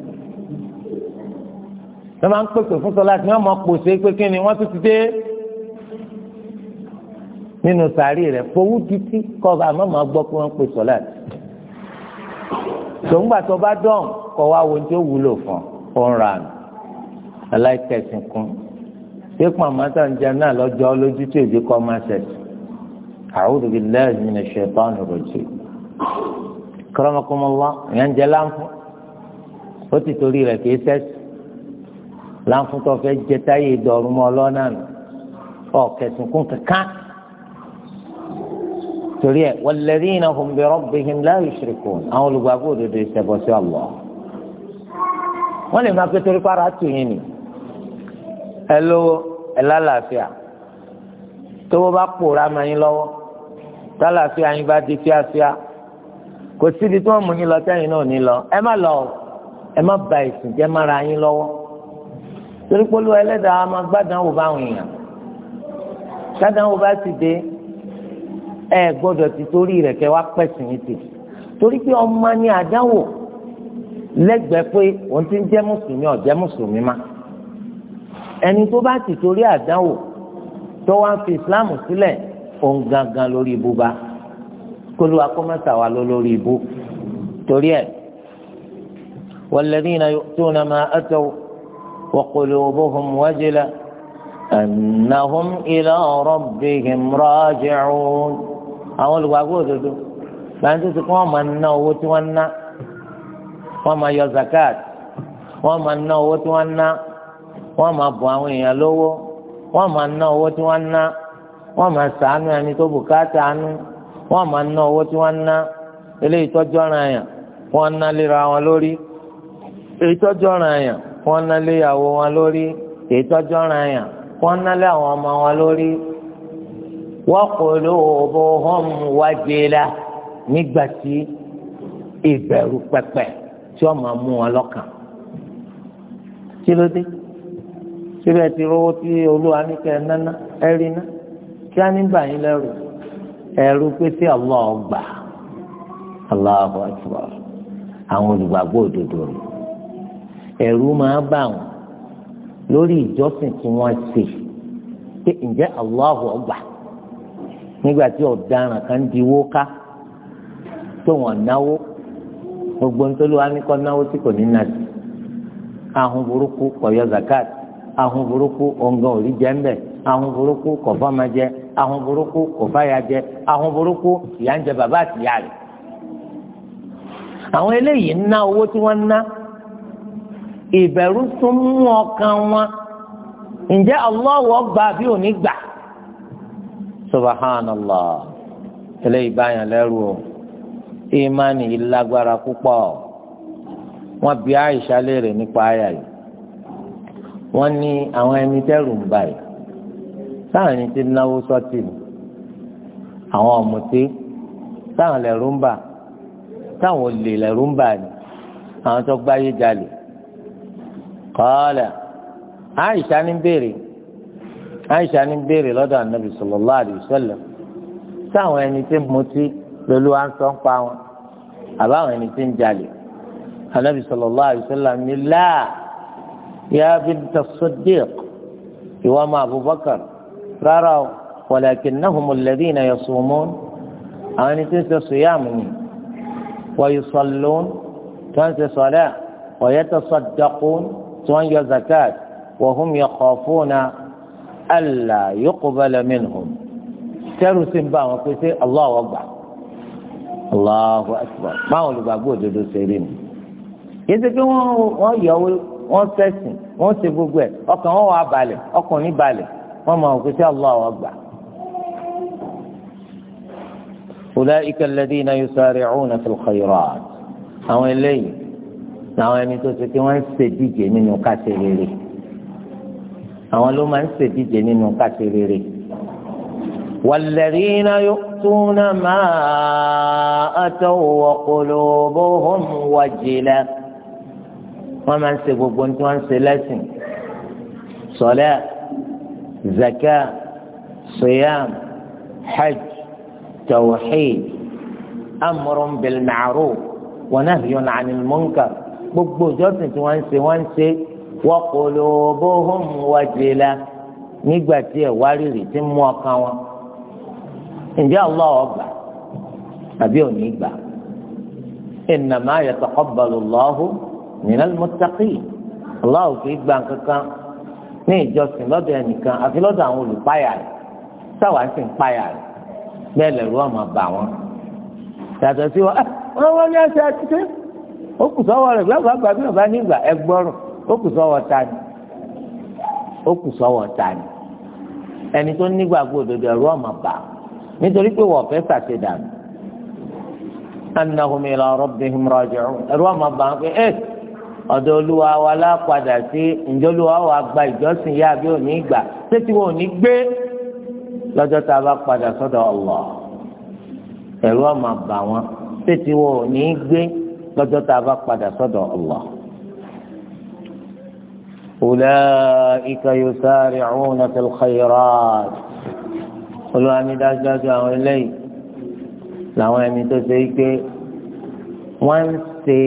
wọ́n máa ń pèsè fún sọlá tí wọ́n máa pòṣe pé kí ni wọ́n tún ti dé nínú sàárì rẹ̀ fowó títí kọ́ba àmọ́ máa gbọ́ pé wọ́n pè sọlá tòǹgbà tó bá dán kọ́ wá wo tí ó wúlò fún ọ ń ra aláìkẹsìn kún pé pàmò àtàǹjà náà lọ́jọ́ lójú tí èdè kọ́ máa ṣẹ̀sìn a'udhu billahi minash shaitanir rajim karamakumullah ìyẹn ń jẹ láǹfù ó ti torí rẹ̀ kì í sẹ́sì láǹfù tó fẹ́ jẹ táyé ìdọ̀rùn mọ́ ọlọ́nà nù ọ̀kẹ́sùn kún kankan torí ẹ walladhina hum bi rabbihim la yushrikun àwọn olùgbàgbọ́ òdodo ìṣẹ̀bọ̀ sí ọ̀lọ́ wọ́n lè máa pé torí pàrọ̀ àtúnyìn ni ẹ lówó ẹ lálàáfíà tó bá pòórá máa yín lọ́wọ́ tálàfíà yín bá di fíafíà kò síbi tí wọ́n mú yín lọ sẹ́yìn náà ní lọ ẹ má lọ ẹ má ba ìsìn jẹ́ mára yín lọ́wọ́ torí polówó ẹlẹ́dàá máa gbádùn àwọn báwọn èèyàn gbádùn àwọn bá ti dé ẹ gbọ́dọ̀ ti torí rẹ̀ kẹ́ wá pẹ̀sìn yín tì torí pé ọmọ ní àdánwò lẹ́gbẹ̀ẹ́ pé òun ti ń jẹ́ mùsùlùmí ò jẹ́ mùsùlùmí má ẹni tó bá ti torí àdánwò tó wá ń fi ìsìláàmù sílẹ̀ òun gangan lórí ibu bá kólú akọ́mọ́sà wa ló lórí ibu torí ẹ̀ والذين يؤتون ما أتوا وقلوبهم وجلة أنهم إلى ربهم راجعون àwọn olùgbàgbọ́ òdodo láti tó kí wọ́n máa ná owó tí wọ́n ná wọ́n máa yọ zakat wọ́n máa ná owó tí wọ́n ná wọ́n máa bọ̀ àwọn èèyàn lówó wọ́n máa ná owó tí wọ́n ná wọ́n máa sàánú ẹni tó bùkátà àánú wọ́n máa ná owó tí wọ́n ná eléyìí tọ́jú ọ̀ràn àyàn wọ́n ná léra wọn lórí èyí tọ́jú ọ̀ràn àyàn wọ́n ná léyàwó wọn lórí èyí tọ́jú ọ̀ràn àyàn wọ́n ná lé àwọn ọmọ wọn lórí wa qulubuhum wajila nígbà tí ìbẹ̀rù pẹpẹ tí wọ́n máa mú wọn lọ́kàn kí ló dé síbẹ̀ tí owó tí olúwa ní kẹ́ ẹ náná ẹ rí náà. kí á ní bà yín lẹ́rù ẹ̀rù pé tí Allah gbà Allahu akbar àwọn olùgbàgbọ́ òdodo rẹ̀ ẹ̀rù máa bà wọ́n lórí ìjọsìn tí wọ́n ṣe pé ǹjẹ́ gbà ahun buruku kò báyà jẹ ahun buruku ìyá ń jẹ bàbá àti ìyá rẹ̀ àwọn eléyìí ń ná owó tí wọ́n ń ná ìbẹ̀rù tún mú ọkàn wọn ǹjẹ́ Allahu gbà bí ò eléyìí o ìmánì yìí wọ́n bi Àìṣà léèrè nípa àyà yìí wọ́n ní àwọn ẹni ń báyìí sáàrin ti náwó sọ́tì ni àwọn ọ̀mùtí táwọn lẹ̀rú ń bà táwọn olè lẹ̀rú ń bà ni àwọn tó gbáyé jalè kọ́ọ̀lẹ̀ àìsà ní béèrè àìsà ní béèrè lọ́dọ̀ ànábì sallallahu alaihi wasallam táwọn ẹni tí mutí lólu à ń sọ ń pa wọn àbáwọn ẹni tí ń jalè ànábì sallallahu alaihi wasallam ní láà yá bint as-Siddiq ìwọ́n mọ Abubakar rárá o walakinnahum alladhina yasumun àwọn ẹni tí ń ṣe sùyàmù ni wa yusallun tí wọ́n ń ṣe sọ̀lá wa yatasaddaqun tí wọ́n ń yọ zakat wa hum yakhafuna alla yuqbala minhum tẹ́rù sí ń bá wọn pé ṣé Allahu akbar Allahu akbar báwọn olùgbàgbọ́ òdodo ṣe rí mi pé wọ́n yọ wọ́n sẹ́sìn wọ́n ṣe gbogbo ẹ̀ ọkàn wọn wà balẹ̀ ọkàn balẹ̀ wọ́n máa wò pé sí Allah àwọn gbà. أولئك الذين يسارعون في الخيرات àwọn eléyìí làwọn ẹni tó ṣe pé wọ́n ń ṣèdíje nínú káṣe rere àwọn ló máa ń ṣèdíje nínú káṣe rere. والذين يؤتون ما أتوا وقلوبهم وجلة wọ́n máa ń ṣe gbogbo tí wọ́n ń ṣe lẹ́sìn sọ́lẹ́ zaka siyam hajj tawhid amrun bil ma'ruf wa nahyun 'anil munkar gbogbo ìjọsìn tí wọ́n ń ṣe wọ́n ń ṣe wa qulubuhum wajila nígbà tí ẹ̀ wá rírì tí ń mú ọkàn wọn. ǹjẹ́ Allah ọgbà àbí òní gbà innama yataqabbalu Allahu minal muttaqin Allah kì í gbà kankan. ní ìjọsìn lọ́dọ̀ ẹnìkan àfi lọ́dọ̀ àwọn olùpáyà rẹ̀ sáwà sì ń páyà rẹ̀ bẹ́ẹ̀ lẹ̀rú ọmọ bà wọn. yàtọ̀ sí wọn ah, wọn wọn ní ẹsẹ̀ títí ó kù sọ́wọ́ rẹ̀ bẹ́ẹ̀ bàbá mi ò nígbà ó kù sọ́wọ́ ta ni ó kù sọ́wọ́ ta ni ẹni tó nígbàgbọ́ òdodo ẹ̀rú ọmọ bà nítorí pé wọ́n fẹ́ ọ̀dọ̀ olúwa wa lápadà sí ǹjẹ́ olúwa wa gba ìjọsìn yá bí òní gbà ṣé tí wọn ò ní gbé lọ́jọ́ tá a bá padà sọ́dọ̀ Allah ẹ̀rù á bà wọ́n ṣé tí wọn ò ní gbé lọ́jọ́ tá a bá padà sọ́dọ̀ Allah. أولئك يسارعون في الخيرات olúwa ní dájúdájú àwọn eléyìí làwọn ẹni tó ṣe é pé wọ́n ń ṣe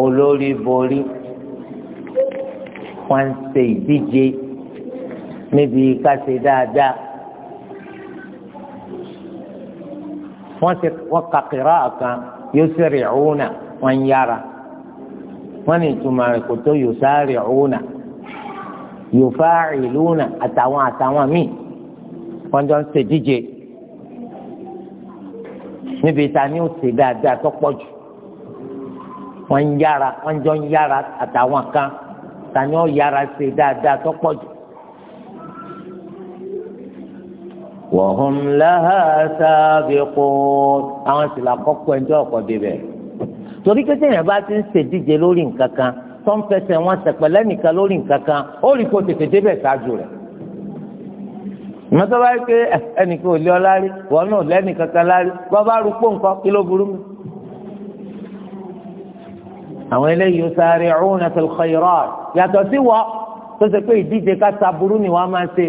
olórí borí wọ́n ń ṣe ìdíje níbi ká ṣe dáadáa wọ́n ṣe wọ́n kakira kan yóò ṣe rìn òun wọ́n yára wọ́n ní ìtumọ̀ rẹ̀ kò tó yóò sáré òun yóò fá ìlú àtàwọn àtàwọn míì wọ́n jọ ń ṣe díje níbi ìta ni ó ṣe dáadáa tó pọ̀ jù wọ́n ń yára wọ́n jọ ń yára àtàwọn kan tani ó yára ṣe dáadáa tó pọ̀ jù. wọ́n lọ́hà sábẹ́ kó àwọn sì là kọ́kọ́ ẹjọ́ ọ̀pọ̀ bíbẹ̀. torí kékeré yẹn bá ti ń ṣèdíje lórí nǹkan kan tó ń fẹsẹ̀ wọn sẹ̀pẹ̀lẹ́ nìkan lórí nǹkan kan ó rí kó tètè débẹ̀ ṣáájú rẹ̀. ìmọ̀tọ́ bá yẹ pé ẹnìkan ò lé ọ lárí wọn náà lẹ́nìkan kan lárí bọ́ bá rúpó nǹkan kí ló burú mi àwọn eléyìí yusari'una fil khairat yàtọ̀ sí wọ́ tó ṣe pé ìdíje ká saburú ni wọ́n máa ṣe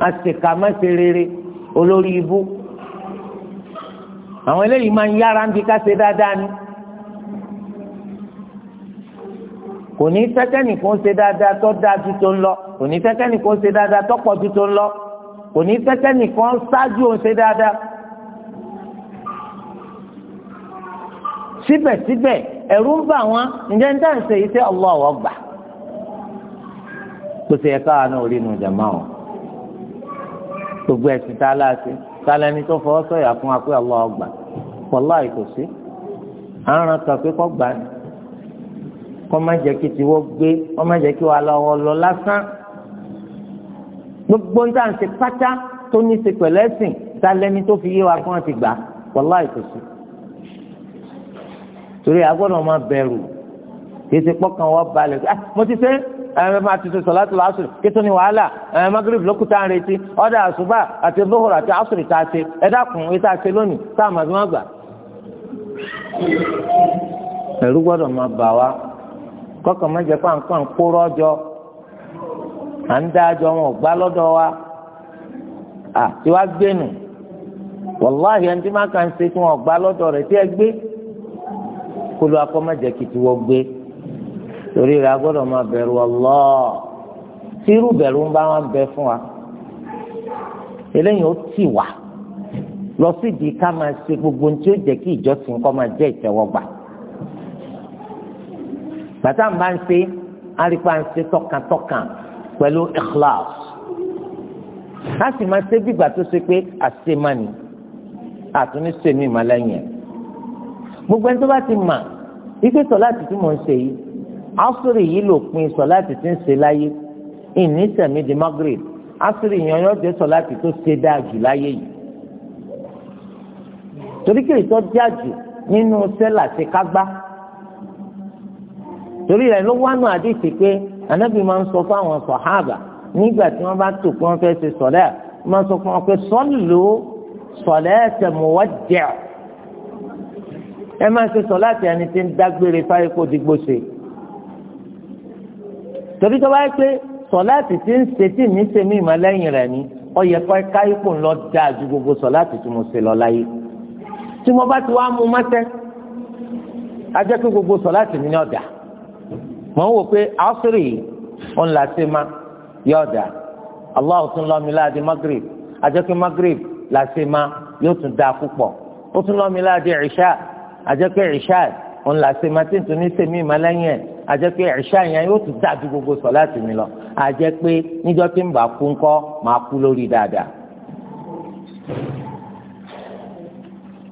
máa ṣe ká máa ṣe rere olórí ibú àwọn eléyìí máa ń yára ń bi ká ṣe dáadáa ni kò ní tẹ́kẹ́nìkan ṣe dáadáa tó dáa ju tó ń lọ kò ní tẹ́kẹ́nìkan ṣe dáadáa tó pọ̀ ju tó ń lọ kò ní tẹ́kẹ́nìkan ṣáájú òun ṣe dáadáa. síbẹ̀síbẹ̀ ẹ̀rù ń bà wọ́n ǹjẹ́ ń dáǹsẹ̀ yìí sẹ́ kò sì yẹ káwa ọ gbogbo ẹ̀sìn tá a láti a tó fọwọ́ sọ̀yà fún wa pé àrùn kọ́ gbà ní kọ́ má jẹ́ gbogbo ń pátá tó ní í ṣe pẹ̀lẹ́sìn a tó fi yé wa fún wa ti gbà torí agbọ́dọ̀ máa bẹ̀rù kété pọ́kàn wọ́n balẹ̀ ah mo ti sẹ́ ẹ máa tuntun sọ̀láàtì lásìrì kété ni wàhálà ẹ magrib lókùtà ń retí ọ̀dà àṣùbà àti bóhùrù àti àṣùrì tá a ṣe ẹ dákun ẹ tá a ṣe lónìí tá a fi máa gbà. ẹ̀rú gbọ́dọ̀ máa bà wá kọ́kàn má jẹ́ pàǹpà ń kóró ọjọ́ à ń dájọ́ wọn ò gbá lọ́dọ̀ wa tí wàá gbénu wàláhì ẹni tí kàn ṣe tí wọn ò gbá lọ́dọ̀ rẹ̀ tí ẹ gbé kólú akọ́mọ̀jẹ́ kìtì wọ́n gbé torí rẹ̀ agbọ́dọ̀ máa bẹ̀rù Allah tí irú bẹ̀rù ń bá wọn bẹ fún wa eléyìí ó tì wá lọ síbi ká máa ṣe gbogbo ní tí ó jẹ́ kí ìjọsìn kọ́ máa jẹ́ ìtẹ́wọ́gbà bàtà ń bá ń ṣe àrípa ń ṣe tọkàntọkàn pẹ̀lú ikhlas a máa ṣe bí ìgbà tó ṣe pé àṣemánì àtúnṣe mi máa lẹ́yìn ẹ̀ gbogbo ẹni tó bá ti mà ipe sọláàtì tí mò ń ṣe yìí asúrì yìí ló pin sọláàtì tí ń ṣe láyé ìní sẹ̀mí di magrib asúrì yẹn yóò dé sọláàtì tó ṣe dáa jù láyé yìí torí kí èso díà jù nínú sẹ́là ti kágbá torí rẹ̀ ló wánú àdìsí pé anábì máa ń sọ fáwọn sọ̀háàbà nígbà tí wọ́n bá tò pé wọ́n fẹ́ ṣe sọ̀lẹ́ máa sọ fún wọn pé sọ́ọ̀lù sọ̀lẹ́ tẹ̀mọ̀wọ́ dẹ̀ ẹ máa ṣe sọ láti ẹni tí ń dágbére fáyé kó dìgbò ṣe torí tó bá yẹ pé sọ láti ti ń ṣe tí mi ṣe mí ìmọ̀ lẹ́yìn rẹ̀ ni ó yẹ kọ́ káyípò ńlọ dáa ju gbogbo sọ láti tí mo ṣe lọ láyé tí mo bá ti wá mú mọ́tẹ́ ajẹ́ pé gbogbo sọ láti mi ní ọ̀dà mò ń wò pé àásìrì òun là ṣe má yọ ọ̀dà Allah tún lọ́mi láàdì magrib ajẹ́ pé magrib là ṣe má yóò tún dáa púpọ̀ ó tún lọ́mi láàdì ìṣá àjẹpẹ́ Rishad, òun là ṣe máa ti ń tún ní sèmi ẹ̀ gbogbo sọ láti mi lọ àjẹpẹ́ níjọ́ tí ń bà kú ńkọ́ máa kú lórí dáadáa.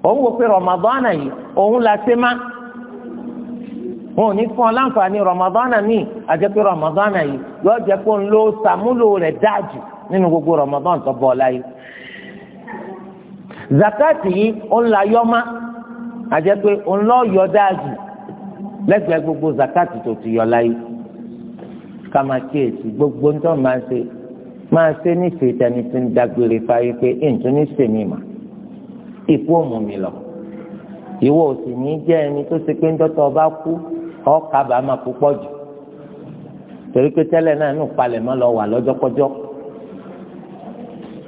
òun wò pé rọmọdánà yìí òun là ṣe má wọn ò ní fún ọ láǹfààní rọmọdánà míì àjẹpẹ́ rọmọdánà yìí yóò pé òun ló gbogbo tó bọ̀ ọ láyé. zakati àjẹ́ pé ńlọ yọ dáàjù lẹ́gbẹ̀ẹ́ gbogbo zakati tó ti yọ láyé ká máa kíyèsí gbogbo ń tọ́ máa ṣe máa ṣe nífẹ̀ẹ́ tẹni tí ń dágbére fáyé pé ìtún ní sèmi mà ikú òmù mi lọ ìwọ ò sì ní jẹ́ ẹni tó ṣe pé ń dọ́tọ̀ ọba kú ọ́ kábàámà púpọ̀ jù torí pé tẹ́lẹ̀ náà nù palẹ̀ mọ́ lọ wà lọ́jọ́kọ́jọ́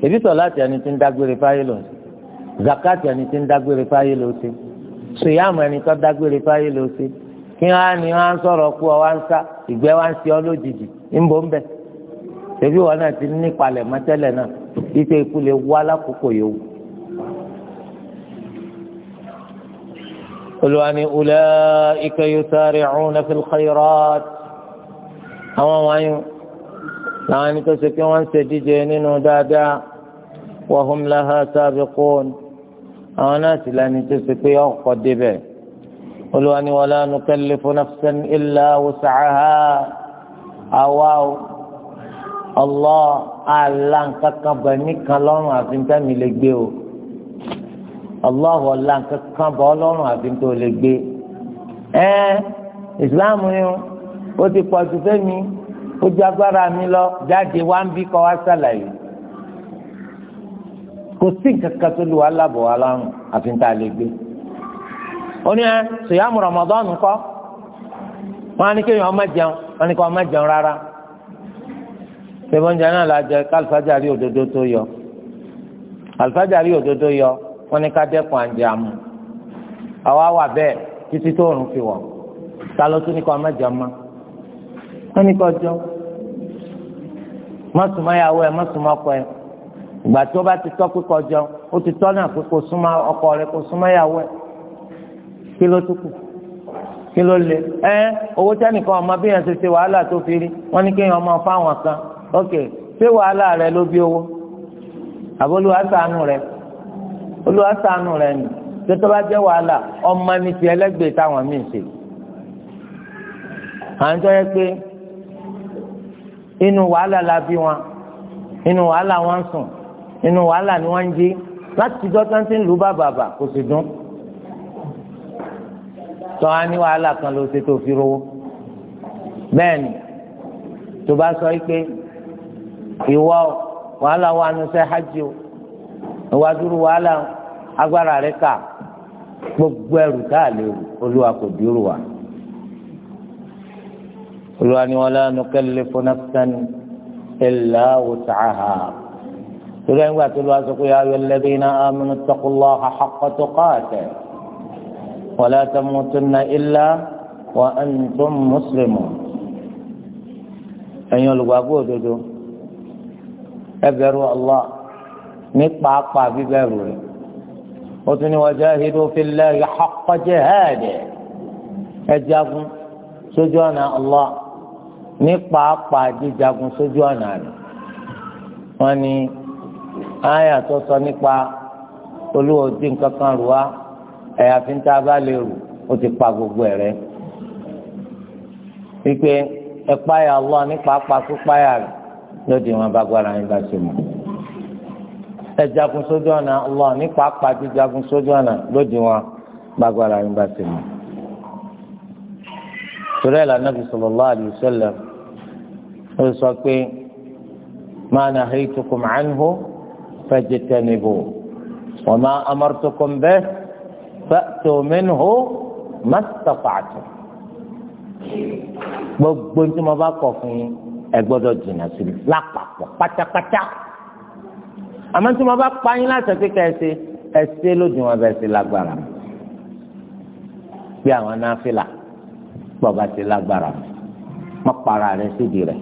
èbí sọ láti ẹni tí ń dágbére fáyé lọ sí zakati ẹni tí ń dágbére fáyé lọ sí sòyàmù ẹni tó dágbére fáyé ló ṣe kí wọn á ní wọn á ń sọ̀rọ̀ kú ọ wá ń sá ìgbẹ́ wá ń ṣe ọ lójijì ń bò ń bẹ ṣèbí wọn náà ti ní palẹ̀ mọ́tẹ́lẹ̀ náà títí ikú lè wá lákòókò yòówù. olùwàní ulẹ̀ ike yóò sáré ọ̀hún fil khairat àwọn wáyé làwọn ẹni tó ṣe pé wọ́n ń ṣe díje nínú dáadáa wọ́n hùm láhà sábẹ́ kóònù àwọn náà sì lẹni tó ṣe pé ọkọ débẹ̀ olúwa ni wala nukallifu nafsan illa wus'aha àwa o Allah àlà nǹkankan bọ̀ nìkan lọ́rùn àfi ntẹ́mi lè gbé o Allah ọ̀la nǹkankan bọ̀ lọ́rùn àfi ntẹ́ lè gbé ẹ Islam yìí ó ti pọ̀ ju fẹ́mi ó ju mi lọ jáde wá ń bí kọ́ wá sàlàyé kò sí nǹkan kan tó lu alábọ̀ wa lọ́rùn àfi ń ta lè gbé ó ní ẹ eh, sòyàmù Ramadan kọ́ wọn á ní kéèyàn ọmọ jẹun wọn ní kó ọmọ jẹun rárá sebonja náà la jẹ k'alifájà rí òdodo tó yọ alifájà rí òdodo yọ wọn ní ká dẹ́kun àǹjẹ àmú àwa wà bẹ́ẹ̀ títí tó òrùn fi wọ̀ ta ló tún ní kó ọmọ jẹun mọ́ wọn ní kó jọ mọ́sùmáyàwó ẹ mọ́sùmọ́kọ ẹ ìgbà tó bá ti tọ́ pípọ̀ jẹun ó ti tọ́ náà pé kó súnmọ́ ọkọ rẹ kó súnmọ́ ìyàwó ẹ̀ kí ló tún kù kí ló lè ẹ owó tẹnìkan ọmọ bí yẹn ti ṣe wàhálà tó fi rí wọn ní kéèyàn ọmọ fáwọn kan ok ṣé wàhálà rẹ ló bí owó àbí Olúwa ṣàánú rẹ Olúwa ṣàánú rẹ nì tó tó bá jẹ́ wàhálà ọmọ ní ti ẹlẹ́gbẹ̀ẹ́ táwọn míì ṣe à ń jọ pé inú wàhálà la bí wọn inú wàhálà wọn sùn nínú wàhálà ni wọ́n ń jí láti jọ tán ti ń lu bàbàbà kò sì dún tọ́ a ní wàhálà kan ló ṣe tó fi rówó bẹ́ẹ̀ ni tó bá sọ pé ìwọ wàhálà wà nù sẹ́ o ìwà dúró wàhálà agbára rẹ̀ kà gbogbo ẹrù tá a lè rù olúwa kò dúró wa olúwa ni wala nukallifu nafsan illa wus'aha torí ẹni gbà tó lọ aṣọ pé ayọ alladhina amanu taqullaha haqqa tuqatihi wa la tamutunna illa wa antum muslimun ẹ̀yin olùgbàgbọ́ òdodo ẹ bẹ̀rù Allah ní pàápàá bíbẹ̀rù rẹ̀ ó tún ní wajahidu fillahi haqqa jihadihi ẹ jagun sójú ọ̀nà Allah ní pàápàá jíjagun sójú ọ̀nà rẹ̀ wọ́n ní. aya tó sọ nípa olúwo tí nǹkan kan rù wá ẹ̀yà fi ń tá ti pa gbogbo ẹ̀ rẹ́ wípé ẹ̀páyà Allah nípa apakúpáyà rẹ̀ lóde wọn bá gbára yín bá ṣe ẹ jagun sójú ọ̀nà Allah nípa apàdé jagun sójú ọ̀nà lóde wọn bá gbára yín bá ṣe mọ́ torí ẹ̀ lànà àdìsẹ́lẹ̀ ó sọ pé nà فاجتنبوه وما أمرتكم به فأتوا منه ما استطعتم gbogbo tí mo bá kọ fún yín ẹ gbọ́dọ̀ jìnnà sí lápapọ̀ pátápátá àmọ́ tí mo bá pa yín láti ẹsẹ kẹsẹ ẹsẹ lódìwọn abẹ ẹsẹ lágbára bí àwọn náà fìlà bọba ti lágbára má para rẹ sídìí rẹ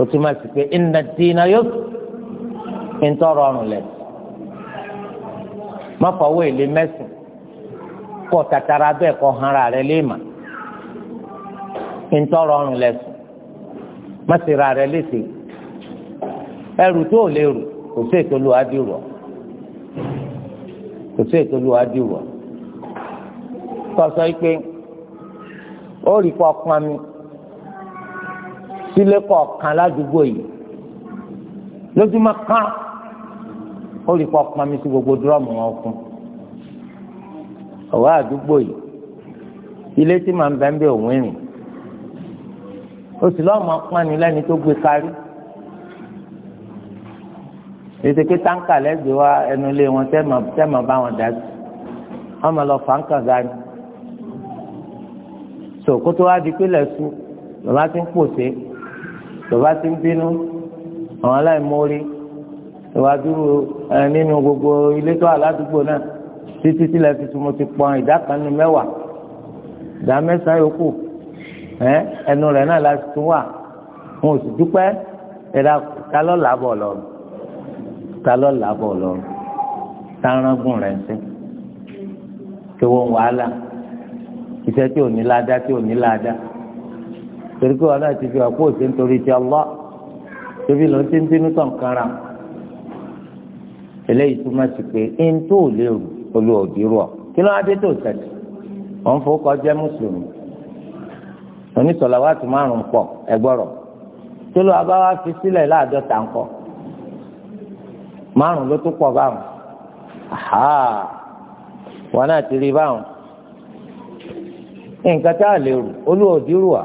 o tún máa sì pé inna dina yóò ń tọrọ ọrùn lẹ má fọwọ́ èlé mẹ́sìn kọ́ tatara bẹ́ẹ̀ kọ́ hanra rẹ léèmà ń tọrọ ọrùn lẹ sùn má sì ra rẹ léṣe ẹrù tó lè rù kò sí ètò olúwa dì rọ kò sí ètò olúwa dì rọ kọ́ sọ pé ó rí kọ́ pọn sílé kọ̀ọ̀kan ládùúgbò yìí lójúmọ́ kan ó lè kọ́ pọnmi sí gbogbo dúrọ́ọ̀mù wọn fún ọ̀wá àdúgbò yìí ilé tí màá bẹ́ẹ̀ bẹ́ẹ̀ òun rìn ó sì lọ́ọ̀mọ́ pọnmi lẹ́ni tó gbé kárí ètò pé táǹkà lẹ́gbẹ̀ẹ́ wa ẹnu lé wọn tẹ́mọ̀ bá wọn dá sí wọ́n máa lọ fàǹkà gani sòkòtò wa di pé lẹ́sùn lọ́la ti ń pòṣe. So, tọba ti ń bínú àwọn aláìmọ́rí tọba dúró nínú gbogbo ilé tó aládùúgbò náà títí tílẹ̀ fi tún mo ti pọn ìdá kan nínú mẹ́wàá ìdá mẹ́sàn-án yòókù ẹnu rẹ̀ náà la tún wà wọn ò sì dúpẹ́ ẹ̀dá talọ́ làbọ̀ lọ́rùn talọ́ làbọ̀ lọ́rùn tárángùn rẹ̀ ń sẹ́ kí wọ́n wàhálà iṣẹ́ tí ò ní láadá tí ò ní láadá torí pé wọn náà ti fi àpò òsè nítorí ti Allah tóbi lọ sí nínú tàn kára eléyìí túmọ̀ sí pé ń tó lérò olóòdì rọ̀ kí ló adé tó sẹ̀tì wọn fọkọ jẹ́ mùsùlùmí onísọ̀lá wa ti márùn pọ̀ ẹgbọ́rọ̀ tó ló abá wa fi sílẹ̀ láàdọ́ta ńkọ́ márùn ló tún pọ̀ báwọn wọn náà ti rí báwọn nǹkan tá a lè rò olóòdì rò wá.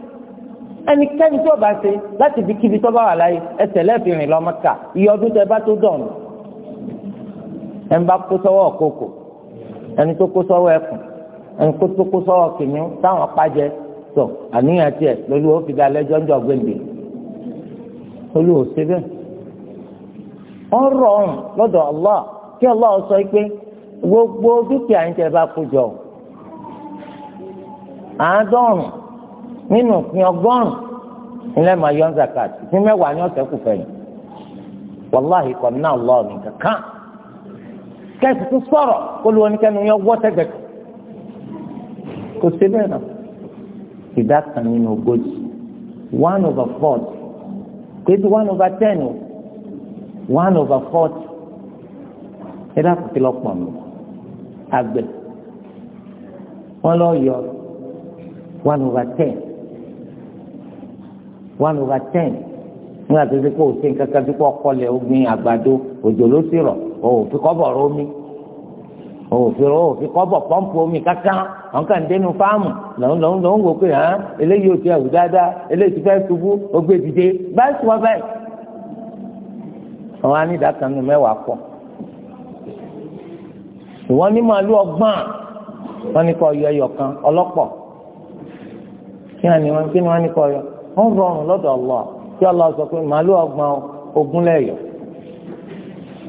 ẹnikẹ́ni tó bá ṣe láti fi kíbi tó bá wà láyé ẹsẹ̀ lẹ́ẹ̀fì rìn lọ Mẹ́kà iye ọdún tẹ bá tó dọ̀nù ẹ ń bá kó sọ́wọ́ ọ̀kọ́kọ́ ẹni tó kó sọ́wọ́ ẹkùn ẹni tó kó sọ́wọ́ kìnìún táwọn pàjẹ́ tó àníyàn tiẹ̀ lórí ó fi dalẹ́ jọ́njọ́ gbèǹdè olú ò ṣe bẹ́ẹ̀ wọ́n rọrùn lọ́dọ̀ Allah kí Allah sọ pé gbogbo dúkìá ń tẹ bá kó jọ àádọ́rùn-ún nínú òpin ọgọ́rùn nílẹ̀ máa yọ zakat ìpín mẹ́wàá ní ọ̀sẹ̀ kù fẹ̀yìn wàláhì kọ́ náà lọ́ọ̀mì kankan kẹ́sì tún sọ̀rọ̀ kó lu oníkẹ́nu yẹn wọ́ tẹ́gbẹ̀ẹ́ kò sí bẹ́ẹ̀ náà ìdá kan nínú ogójì one over forty kéde one over ten o one over four ẹ dákun ti lọ pọ̀ mi àgbẹ̀ wọ́n lọ yọ one over ten one over ten nígbà tó ti kó o ṣe nǹkan kan tó kọ́ kọlẹ̀ ogbin àgbàdo òjò ló sì rọ̀ o ò fi kọ́bọ̀ omi o ò fi o ò fi kọ́bọ̀ pọ́ǹpù omi kankan àwọn kan dénú fáàmù lòun lòun lòun wò pé hàn eléyìí ò ti ẹ̀wù dáadáa eléyìí ti fẹ́ ṣubú ó gbé dìde báyìí sùn wọ́n báyìí. àwọn anídàákanu mẹ́wàá pọ̀ ìwọ́n ní màálù ọgbọ́n wọn ni kò yọ ẹyọ kan ọlọ́pọ̀ kí ni wọ́n ní kò yọ ó rọrùn lọ́dọ̀ Allah tí Allah sọ pé màálù ọgbọ̀n ogún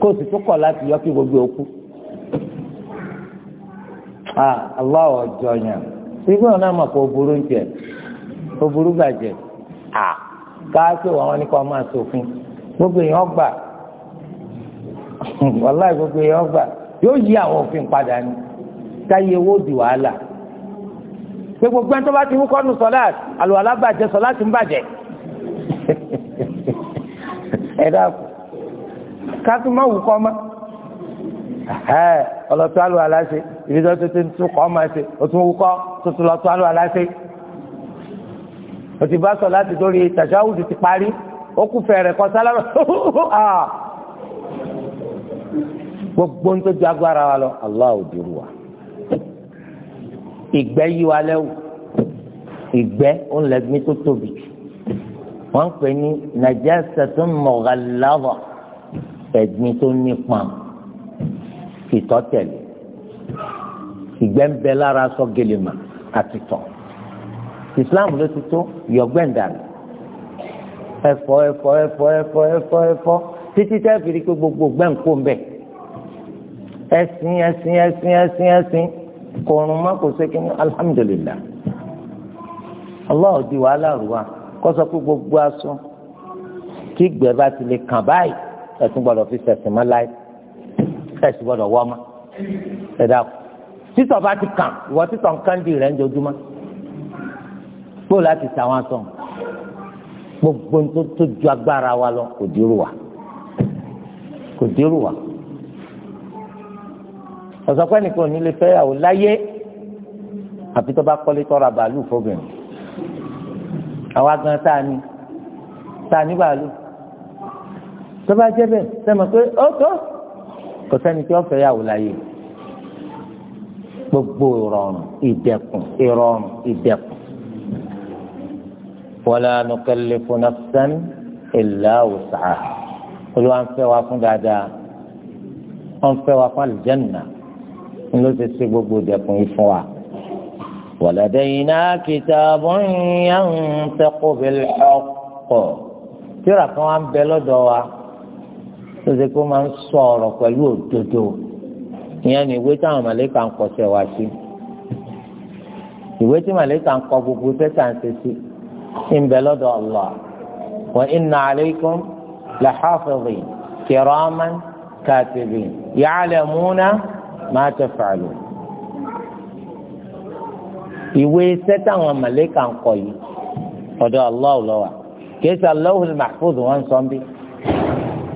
kó o sì tún láti yọ kí gbogbo òkú. Allah ọjọ́ yẹn irú ọ̀nà àmọ̀ kò burú jẹ gbogbo èèyàn gbà *laughs* wàláì gbogbo èèyàn gbà yóò yí àwọn òfin padà ní táyé owó di wàhálà gbogbo bá ti mú kọ́nù àlùwàlá bàjẹ́ sọ láti ń bàjẹ́ ẹ dákun kátó má wù kọ́ mọ́ ọlọ́tọ́ àlùwàlá ṣe ìrìnsọ tó ti ń tún kọ́ máa ṣe o tún wù kọ́ tuntun lọ́tọ́ àlùwàlá ṣe o ti bá sọ láti dórí tàṣáwùdù ti parí ó kú fẹ̀rẹ̀ kọ́ sálámà *laughs* ah! gbogbo ń tó ju agbára wa lọ aláwọ̀ dùrù wa ìgbẹ́ yí wa lẹ́wọ̀ ìgbẹ́ òǹlẹ̀gbin tó tóbi jù wọ́n ń pè ní najasatun mughalladha ẹ̀gbin tó nípọn ìtọ̀ tẹ̀lé ìgbẹ́ ń bẹ lára aṣọ gèlèmà àti tọ̀ Islam ló ti tó yọgbẹ́ndàlù ẹ̀fọ́ ẹ̀fọ́ ẹ̀fọ́ ẹ̀fọ́ ẹ̀fọ́ ẹ̀fọ́ títí tẹ́ fi rí pé gbogbo gbẹ̀ǹkó ń bẹ̀ ẹ̀sìn ẹ̀sìn ẹ̀sìn ẹ̀sìn ẹ̀sìn kọ̀ọ̀rùn má kò ṣe kí alhamdulillah. Allah ò di wàhálà rúwa kó sọ pé gbogbo aṣọ kí ìgbẹ́ bá ti lè kàn báyìí ẹ̀sùn gbọ́dọ̀ fi ṣẹ̀sìn mọ́ láì ẹ̀sùn gbọ́dọ̀ wọ́ ọmọ ẹ̀dá kù títọ̀ bá ti kàn ìwọ títọ̀ nǹkan di rẹ̀ ń jojúmọ́ gbó láti ṣàwọn aṣọ gbogbo tó tó ju agbára wa lọ kò dírú wa kò dírú wa ọ̀sán pẹ́ẹ́nì kan ò ní lè fẹ́ yàwó láyé àfi tó bá kọ́lé tọ́ra bàálù fóbìnrin àwa gan tá a ní tá a ní bàálù tó bá jẹ́ bẹ́ẹ̀ sẹ́mi pé ó tó kò sẹ́ni tí wọ́n fẹ́ yàwó láyé gbogbo ìrọ̀rùn ìdẹ̀kùn ìrọ̀rùn ìdẹ̀kùn. wala nukallifu nafsan illa wus'aha olúwa ń fẹ́ wa fún dáadáa wọ́n fẹ́ wa fún àlùjànnà ń gbogbo ìdẹ̀kùn yìí fún wa. ولدينا كتاب ينطق بالحق ترى كمان بلو دوا تزيكو من صورة قلو الدودو يعني ويتا مليكا انقو سواشي ويتا مليكا انقو بوكو سانسيسي ان بلو دو الله وإن عليكم لحافظين كراما كاتبين يعلمون ما تفعلون ìwé iṣẹ́ màlẹ́kà ń kọ yìí ọ̀dọ̀ Allah ló wà kéésì Allahul Mahfuz wọn sọ ń bí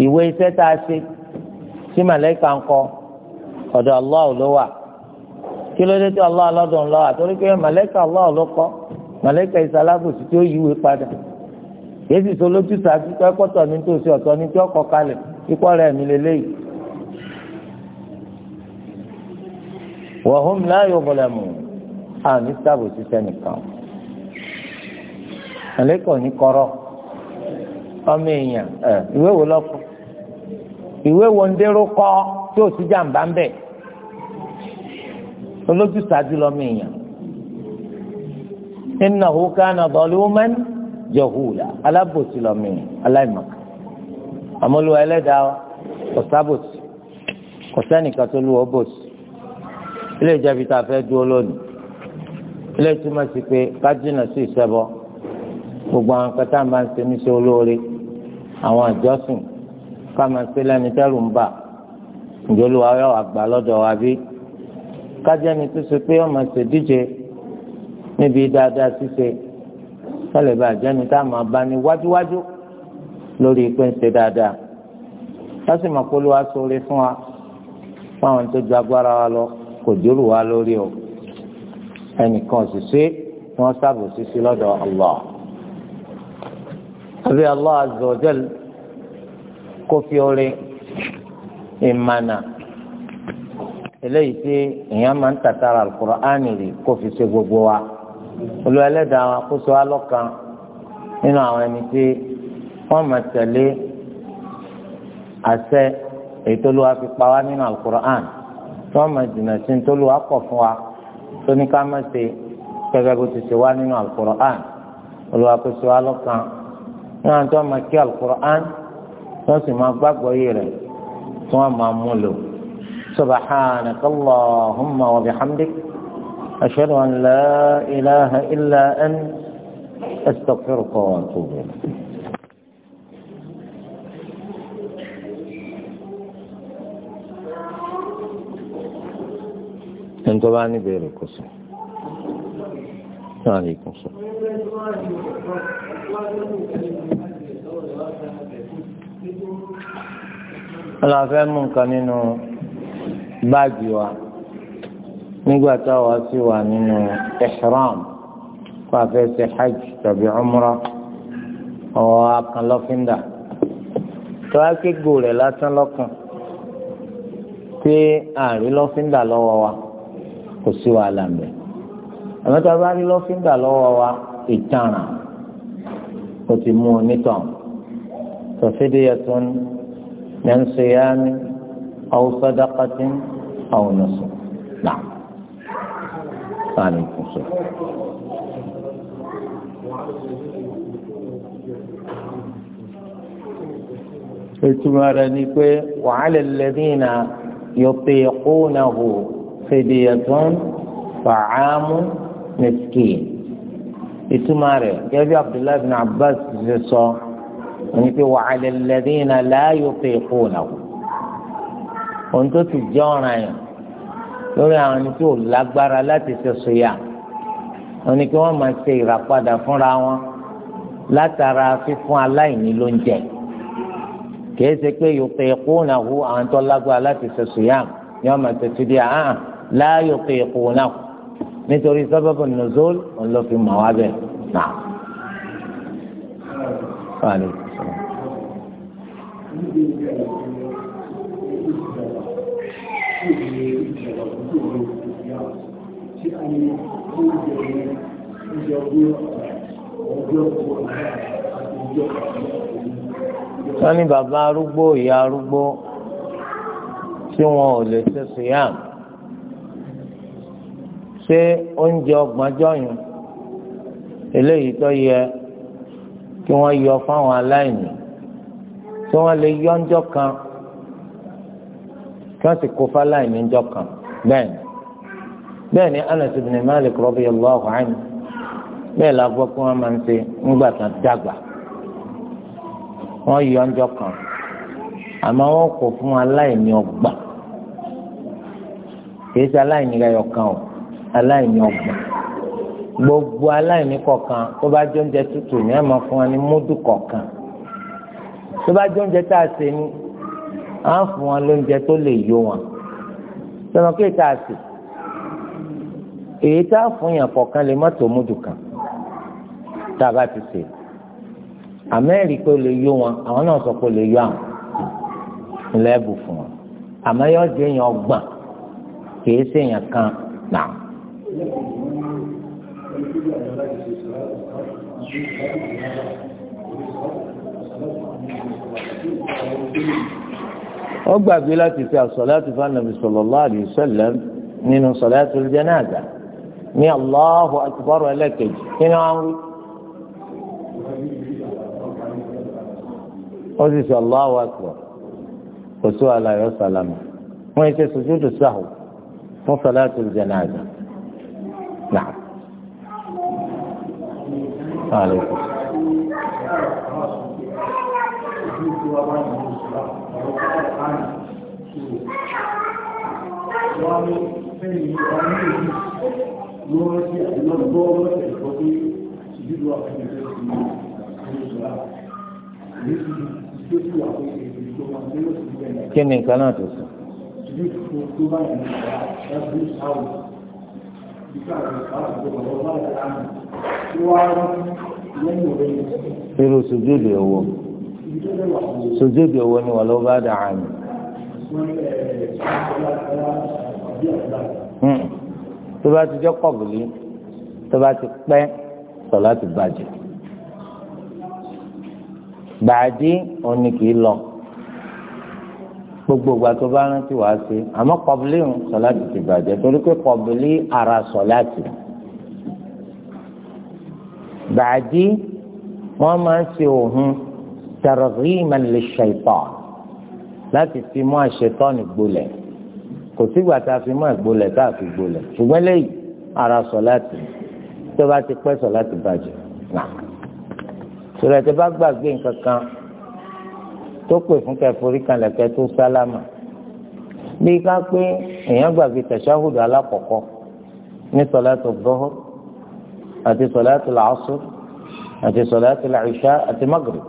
ìwé iṣẹ́ a ṣe tí màlẹ́kà ń Allah kí ló Allah lọ àtọ́rí pé màlẹ́kà Allah ló kọ màlẹ́kà ìsàlágòsì tí ó yíwèé padà kéésì solótú sàbí tó ẹkọ́tọ̀ ní tó ṣe ní tí kalẹ̀ ikọ́ rẹ̀ mi a ní sábò sísẹ nìkan àlékò ní kọ̀rọ̀ ọmọ èèyàn ìwé wo lọkọ ìwé wo ń dérò kọ tí ò sí jàǹbá ń bẹ olójú sáájú lọmọ èèyàn innahu kana zaluman jahula alábòsí lọmọ èèyàn aláìmọ̀kan àmọ́lúwa ẹlẹ́dàá kò sábòsí kò sẹ́nìkan tó lù ọ́ bòsí ilé ìjẹ́bi tá a fẹ́ dúró lónìí ilé túmọ̀ sí pé kájínà sí ìṣẹ́bọ gbogbo àwọn kẹta máa ń ṣe níṣẹ́ olóore àwọn àjọsìn ká máa ṣe lẹ́ni tẹ́rù ń bà ìjọlùwà yọ àgbà lọ́dọ̀ wa bí kájẹ́ni tó ṣe pé ọmọ ṣèdíje níbi dáadáa ṣíṣe kálẹ̀ bá jẹ́ni tá a máa bá ní wájúwájú lórí pé ń ṣe dáadáa lásìkò máa polówó aṣọ orí fún wa fún àwọn tó ju agbára wa lọ kò dúró wa lórí o ẹnìkan ṣiṣẹ́ tí wọ́n sábò ṣiṣẹ́ lọ́dọ̀ Allah àbí Allah azza wa jal kó fi orin ìmànà eléyìí tí èèyàn máa ń tàtàrà alukur'ani rí kó fi ṣe gbogbo wa olú ẹlẹ́dàá wa kó so alọ́kan nínú àwọn ẹni tí wọ́n máa tẹ̀lé àṣẹ èyí tó fi pa wá nínú alukur'an tí wọ́n máa jìnnà sí ní tó lù wá kọ̀ fún wa tó ní ká má ṣe gẹ́gẹ́ bó ti ṣe wá nínú alukur'an olùwàkóso alọ́kan níwọ̀n tó máa kí alukur'an wọ́n sì máa gbàgbọ́ yìí rẹ̀ tí wọ́n máa mú lò سبحانك اللهم وبحمدك أشهد أن لا إله إلا أنت أستغفرك وأتوب إليك ẹni tó bá níbẹ̀ rẹ̀ kò sọ. Alaikum salaam. aláfẹ́ mú nǹkan nínú báàgì wa nígbà táwa sì wà nínú ihram kó a fẹ́ ṣe hajj tàbí umra ọ̀wọ́ akàn lọ́fíńdà tó a ké gbòòrè lásán lọ́kàn pé àárín lọ́fíńdà lọ́wọ́ wa kò sí wàhálà mẹ́ àmọ́ tá a bá rí lọ́fíńdà lọ́wọ́ wa ìtaràn ó ti mú un nítàn fafidyatun min siyamin aw sadaqatin aw nusuk náà sáàni kùsọ. ìtumọ̀ rẹ̀ ni pé wa ala alladhina yutiqunahu fìdíyàtún fàámù mẹsìkìn ìtumá rẹ̀ gẹ́gẹ́ bí abdullahi bin abbas ṣe sọ òní pé wà á lè lẹ́dínà láàyò pé kó nà kú ohun tó ti jẹ́ ọ̀ràn yẹn lórí àwọn ẹni tí ò lágbára láti ṣe sòyà òní pé wọ́n máa ṣe ìràpadà fúnra wọn látara fífún aláìní ló ń pé yòókè kó nà kú àwọn tó lágbára láti ṣe sòyà ni máa ṣe ti di àhàn la yutiqunahu nítorí sababu nuzul ńlọfin mọ wá bẹ náà. wọ́n ní bàbá arúgbó ìyá arúgbó tí wọn ò lè ṣe sùyàmù ṣé oúnjẹ ọgbọ̀njọ́ yẹn eléyìí tó yẹ kí wọ́n yọ fáwọn aláìní tí wọ́n lè yọ ńjọ́ kan kí wọ́n sì kó fáláìní kan bẹ́ẹ̀ ni bẹ́ẹ̀ ni Anas ibn Malik radiyallahu anhu bẹ́ẹ̀ la gbọ́ pé wọ́n máa ń ṣe ńgbà tán dàgbà wọ́n yọ ńjọ́ kan àmọ́ wọ́n kò fún aláìní ọgbà kì í ṣe aláìní ẹyọ kan o. aláìní ọgbọ̀n gbogbo aláìní kọ̀ọ̀kan tó bá jẹ oúnjẹ tútù ní àmọ́ fún wọn ní múdù kọ̀ọ̀kan tó bá jẹ oúnjẹ tá a ṣe ní à ń fún wọn lóúnjẹ tó lè yó wọn sọ̀rọ̀ kí tá a ṣe èyí tá a fún yàn kọ̀ọ̀kan lè má tó múdù kan tá a bá ti ṣe àmẹ́rì pé lè yó wọn àwọn náà sọ pé lè yó àwọn ńlẹ́bù fún wọn àmọ́ yóò jẹ́ èèyàn ọgbọ̀n kì í ṣèèyàn kan náà ó gbàgbé láti fi àsọ̀láàtì fánàbì sallallahu alayhi wa sallam nínú sọ̀láàtì jánásà ní Allahu akbar ẹlẹ́kẹ̀jì kí ni wọ́n wí. ó sì sọ Allahu akbar kò sí wàhálà yọ sàlámù wọ́n ti ṣe sùjúdù sáhù fún sọ̀láàtì jánásà. نعم عليكم kí ni nǹkan náà tó sùn irú sùjúdì owó sùjúdì owó ni wọn lọ bá dà á ní. Hmm. tó bá ti jẹ́ kọ̀bùlí tó bá ti pẹ́ sọ̀lá ti bàjẹ́ gbàdí òun kì í lọ gbogbo ìgbà tó bá rántí wàá ṣe àmọ́ kọbílì ń sọláàtì ti bàjẹ́ torí pé kọbílì ara sọláàtì bàjí wọn máa ń ṣe òhun targhiman lish-shaytan láti fi mú àṣetọ́ni gbolẹ̀ kò sígbà tá a fi mú àgbolẹ̀ tá a fi gbolẹ̀ ṣùgbọ́n lẹ́yìn ara sọláàtì tó bá ti pẹ́ sọláàtì bàjẹ́ náà sọ̀rọ̀ bá gbàgbé nǹkan kan tó pè fún kẹforí kanlẹ̀ kẹ tó sálámà bí ká pé èèyàn gbàgbé tẹ̀síáhùdù alákọ̀ọ́kọ́ ní sọ̀láàtù dọ́hùr àti sọ̀láàtù làásùr àti sọ̀láàtù làìṣá àti magrib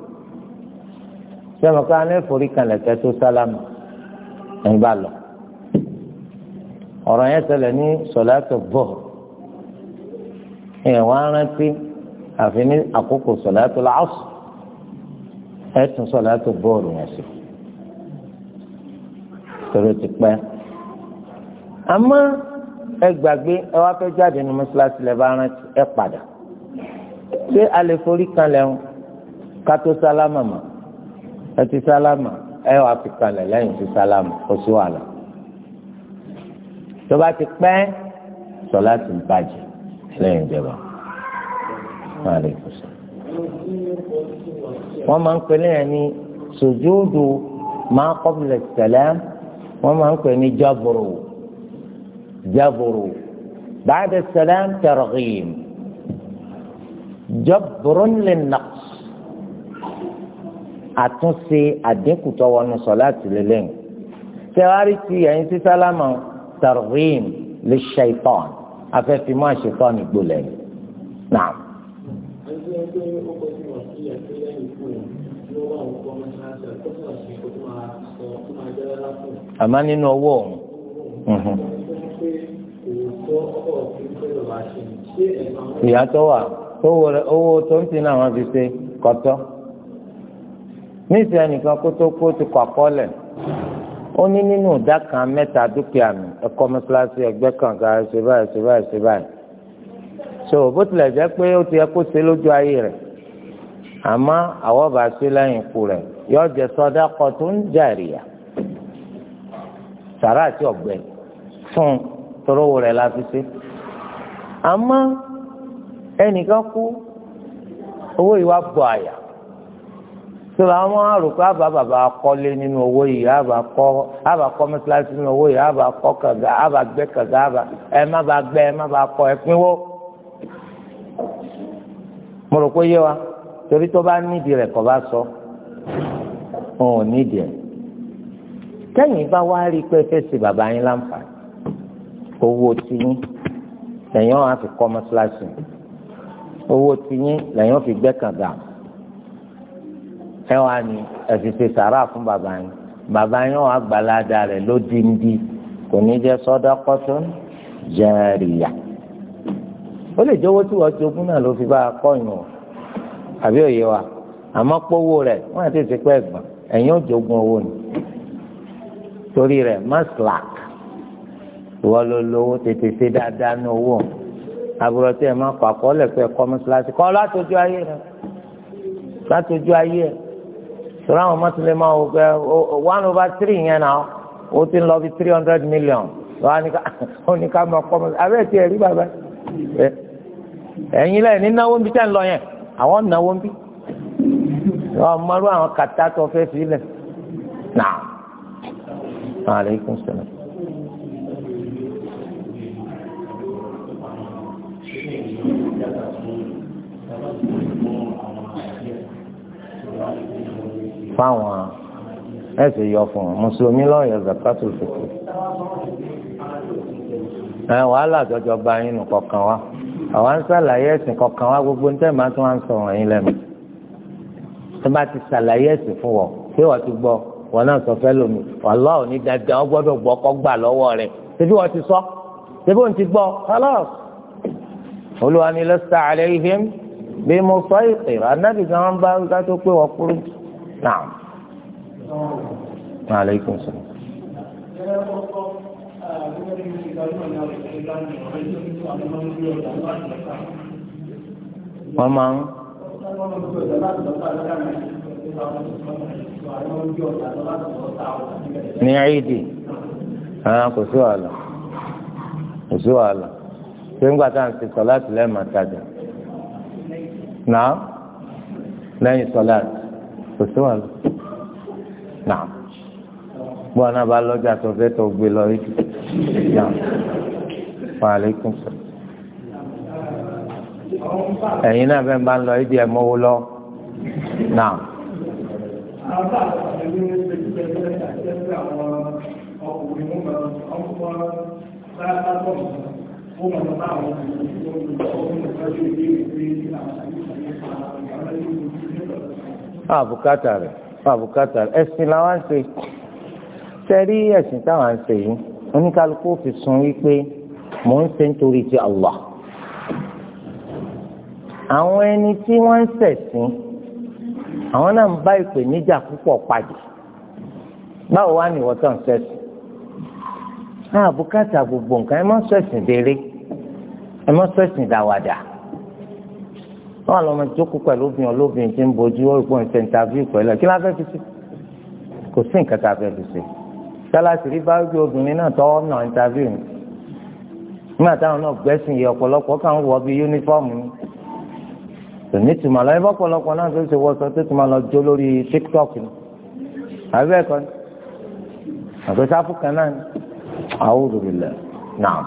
sẹ́mi ká ní forí kanlẹ̀ kẹ tó sálámà ń lọ ọ̀rọ̀ yẹn ṣẹlẹ̀ ní sọ̀láàtù dọ́hùr èèyàn wá rántí àfi ní àkókò sọ̀láàtù làásùr ẹ tún sọ láti bọ́ọ̀lù yẹn sí tọrọ ti pẹ́ àmọ́ ẹ gbàgbé ẹ wá fẹ́ jáde ní mọ́ṣáláṣí lẹ́ bá rántí ẹ padà ṣé a lè forí kanlẹ̀ ń ká tó sálámà mọ́ ẹ ti sálámà ẹ wá fi kanlẹ̀ lẹ́yìn ti sálámà ó sì wà lọ tó bá ti pẹ́ sọ láti bàjẹ́ lẹ́yìn ìjọba. Wa alaikum wọ́n máa ń pè ní ẹni sùjúdù máa qabla salam wọ́n máa ń pè ní jábòrò jábòrò ba'da salam targhib jábòrò lè naqs àtúnṣe àdínkù tó wọnú sọ̀láàtì lélẹ́yìn tẹ́wárí ti ẹ̀yin sí sálámà targhib lè ṣe ìtàn afẹ́fimọ́ àṣetọ́ nìgbò lẹ́yìn náà àti ẹgbẹ́ ọkọ tí wọ́n fi àti lẹ́yìn fún un ló wà ọkọ mọ́ṣáláṣí àkókò àti ìkó tó máa sọ tó máa jẹ́ rárá fún un. àmọ́ nínú ọwọ́ ọ̀hún. ìyàtọ̀ wà owó tó ń tin àwọn fi ṣe kọ́tọ́ níṣẹ́ nìkan kó tó kó ti kọ́ àkọọ́lẹ̀ ó ní nínú ìdá kan mẹ́ta dúkìá mi ẹ̀kọ́ mọ́ṣáláṣí ẹgbẹ́ kan gàá ṣe báyìí ṣe báyìí ṣe báyìí so bó tilẹ̀ jẹ́ pé ó ti yẹ kó ṣe lójú ayé rẹ̀ àmọ́ àwọn bá ṣe lẹ́yìn ikú rẹ̀ yọ jẹ sọdá kọ tó ń jàrìyà sàrà àti ọ̀gbẹ́ fún torówó rẹ̀ la fi ṣe àmọ́ ẹnìkan kú owó yìí wá bọ̀ àyà tó àwọn àròkọ àbá bàbá kọ́lé nínú owó yìí àbá kọ́ àbá kọ́ mẹ́tíláṣí nínú owó yìí àbá kọ́ kàga àbá gbẹ́ kàga àbá ẹ má bàa gbẹ́ ẹ má bàa kọ́ ẹ pínwó mo rò pé yé wa torí tó bá nídìí rẹ̀ kọ́ bá sọ òun ò nídìí ẹ̀ kẹ́yìn bá wá rí pé fèsì bàbá yín láǹfààní owó tiyín lẹ́yìn wọn á fi kọ́ mọ́ṣáláṣí owó tiyín lẹ́yìn wọn fi gbẹ́ kànga ẹ wá ní ẹ sàrà fún bàbá yín bàbá yín wọn á gbàládà rẹ̀ lódìndín kò ní jẹ́ sọ́dọ́kọ́tún jẹ́rìíyà ó lè jọ̀wọ́ tí wọ́n ti ogún náà ló fi bá a kọ́yìn o àbí òye wa àmọ́ pọ́wó rẹ̀ wọ́n àti ìsìnkú ẹ̀gbọ́n ẹ̀yìn ò jogún owó ni torí rẹ̀ má slack ìwọ ló lówó tètè ṣe dáadáa ní owó àbúrò tí ẹ má kọ àkọọ́lẹ̀ pé ẹ̀kọ́ mọ́ṣáláṣí kọ́ látọjú ayé rẹ̀ látọjú ayé rẹ̀ sọ̀rọ̀ àwọn mọ́tìlẹ́ máa wò pé one over three yẹn náà ó ti ń lọ bí three hundred million lọ́wọ́ ní ká *laughs* mọ̀ kọ́ mọ́ṣáláṣí abẹ́ẹ̀ tí ẹ̀ rí bàbá ẹ̀yin lẹ́yìn ní náwó ń bí tẹ́ ń lọ yẹn àwọn náwó ń bí ọmọlú àwọn kàtá tó fẹ́ sílẹ̀ náà maaleykum salaam. fáwọn ẹsẹ yọ fún un mùsùlùmí lọ́yọ̀ zakatul fitr ẹ wàhálà jọjọ bá yín nù kọ̀ọ̀kan wa àwọn ń ṣàlàyé ẹ̀sìn kọ̀ọ̀kan wá gbogbo níta máa tún wá ń sọ̀rọ̀ yín lẹ́nu tó bá ti ṣàlàyé ẹ̀sìn fún wọ pé wọ́n ti gbọ́ wọn náà sọ fẹ́ lómi wàhálà òní dandan wọ́n gbọ́dọ̀ gbọ́ kọ́ gbà lọ́wọ́ rẹ̀ ṣébí wọ́n ti sọ ṣébí wọ́n ti gbọ́ kálọ́ọ̀sì olúwa ni lọ́sà àlẹ́ ìhìn bí mo sọ ìpè anábì gan wọn bá wíká tó pé wọ́n kúrú náà wọ́n máa ń. ní àìdì ah, kò sí wàhálà kò sí wàhálà ṣé ńgbà tá à ń ti sọ láti lẹ́ẹ̀ máa tajà náà lẹ́yìn sọ láti kò sí wàhálà náà bọ́ọ̀ náà bá lọ́jà tó fẹ́ tó gbé lọ rí kìí wàhálẹ́kùn sọ. ẹ̀yin náà bẹ́ẹ̀ máa ń lọ ìdí ẹ̀ mọ́wó lọ náà. àbùkátà rẹ̀ àbùkátà rẹ̀ ẹ̀sìn làwọn ṣe tẹ́rí ẹ̀sìn táwọn ṣe yìí oníkálukú fi sun wípé mò ń ṣe nítorí ti Allah àwọn ẹni tí wọ́n ń ṣẹ̀sìn àwọn náà ń bá ìpèníjà púpọ̀ pàdé báwo wá ní ìwọ́tọ̀ ń ṣẹ̀sìn àbùkátà gbogbo nǹkan ẹ má ṣẹ̀sìn déré ẹ má ṣẹ̀sìn dáwàdà wọn lọ máa jókòó pẹ̀lú obìnrin olóbìnrin tí ń bojú ó ìpò ìṣe ìtàvíù pẹ̀lú ẹ̀ kí ló fẹ́ fi ṣe kò sí nǹkan tá a fẹ́ fi ṣe tálàsì rí báwí pé obìnrin náà tọ́ ọ̀nà ìntàvíù ni nígbà táwọn náà gbẹ́sìn yẹ ọ̀pọ̀lọpọ̀ kàn ń wọ bí yúnífọ́ọ̀mù ni tòní tùmọ̀ lọ ẹbọ́ ọ̀pọ̀lọpọ̀ náà tó ṣe wọṣọ tó tùmọ̀ lọ jó lórí tiktok ni àbí ẹ̀kọ́ ni àgbẹ̀sáfù kan náà ni àwòrán ilẹ̀ náà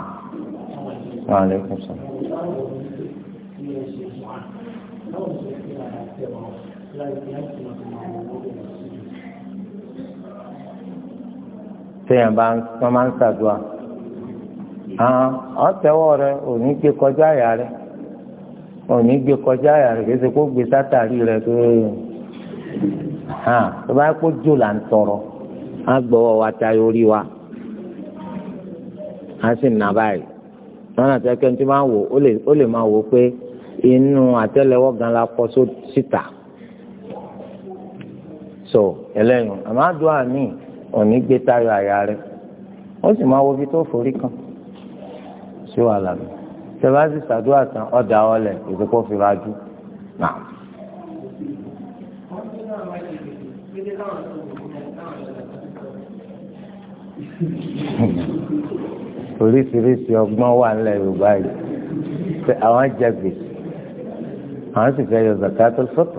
wà lẹ́kùn sọ. Thank you. téèyàn bá wọn máa ń ṣàdúrà àwọn rẹ òní gbé kọjá àyà rẹ òní gbé kọjá àyà rẹ kéṣe kó gbé sátàrí rẹ tó hàn tó bá kó jò là ń tọrọ á wa tayọ orí wa á sì nà báyìí lọ́nà tó kẹ́ tí máa wò ó lè máa wò pé inú àtẹ́lẹwọ́ gan la kọ síta so ẹlẹ́yìn òní gbé tayọ àyà rẹ ó sì máa wo ibi tó forí kan sí wàhálà mi sèwáàsì sàdúrà tán ọ̀dà ọlẹ̀ ìdókò fìrájú náà. oríṣiríṣi ọgbọ́n wà nílẹ̀ yorùbá yìí pé àwọn jẹ gbèsè àwọn sì fẹ́ yọ zakatul fitr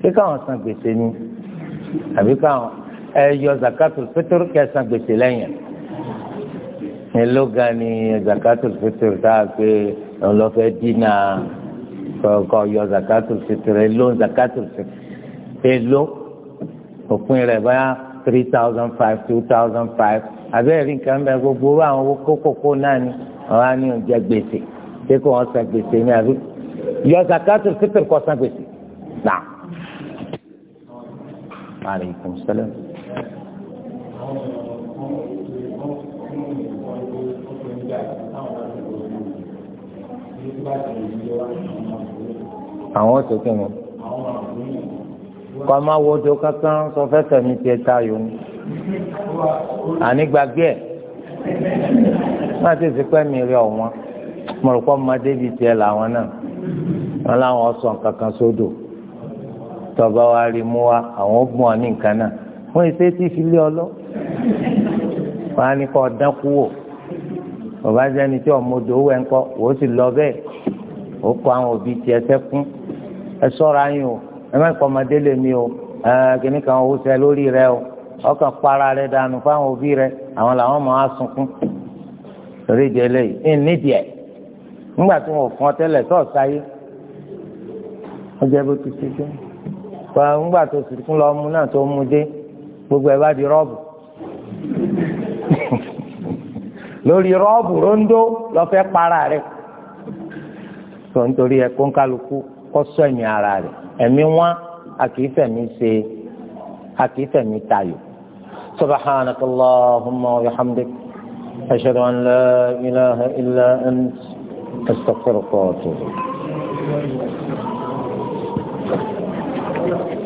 pé káwọn san gbèsè ni àbí káwọn ẹ yọ zakatul fitr kẹsàn gbèsè lẹ́yìn èló gan ni zakatul fitr tá a pé ọlọfẹ dínà kọ yọ zakatul fitr èló zakatul fitr èló òpin rẹ̀ bá three thousand five two thousand five abẹ́rẹ́ nǹkan bẹ́ẹ̀ gbogbo owó àwọn owó kókókó náà ni àwọn á ní oúnjẹ gbèsè ṣé kò wọ́n san gbèsè ní àbí yọ zakatul fitr kó san gbèsè náà. Aleykum salaam àwọn tó kí wọn kọ́ ọ máa wo ojú kankan sọ fẹ́sẹ̀ mi tiẹ̀ tayò ní ànígbàgbé ẹ̀ má ti fi pẹ́ mi rí ọ̀wọ́n mo rò pé ọmọ débi tiẹ̀ làwọn náà wọn láwọn sọ kankan sódò tọba wa rí mú wa àwọn gbọ́n ní nǹkan náà wọ́n èsè tí fi lé ọlọ́ wọ́n á ní kọ́ ọ̀dán kú wò bàbá jẹ́ni tí ọmọdé owó ẹ̀ ń kọ́ wò ó sì lọ bẹ́ẹ̀ ó kọ́ àwọn òbí tiẹ̀ sẹ́kún ẹ sọ́ra yín o ẹ má kọ́ ọmọdé lè mi o ẹ kìíní kan owó sẹ lórí rẹ o ọkàn para rẹ dànù fáwọn òbí rẹ àwọn làwọn máa sunkún torí ìdí eléyìí ẹ nídìí ẹ nígbà tí wọn ò fún ọ tẹ́lẹ̀ sọ́ọ̀sì ayé ó bó ti ṣe jẹ́ nígbà tó sì fún lọ́ọ́ mú náà tó mú dé gbogbo ẹ̀ bá di rọ́ọ̀bù lórí rọ́ọ̀bù rondo lọ́fẹ́ para rẹ̀ tó nítorí ẹ kó ń kálukú kó sọ ẹ̀mí ara rẹ̀ ẹ̀mí wọn a kì í fẹ̀mí ṣe a kì í fẹ̀mí tayò subhanaka allahumma wa bihamdik ashhadu an la ilaha illa ant astaghfiruka wa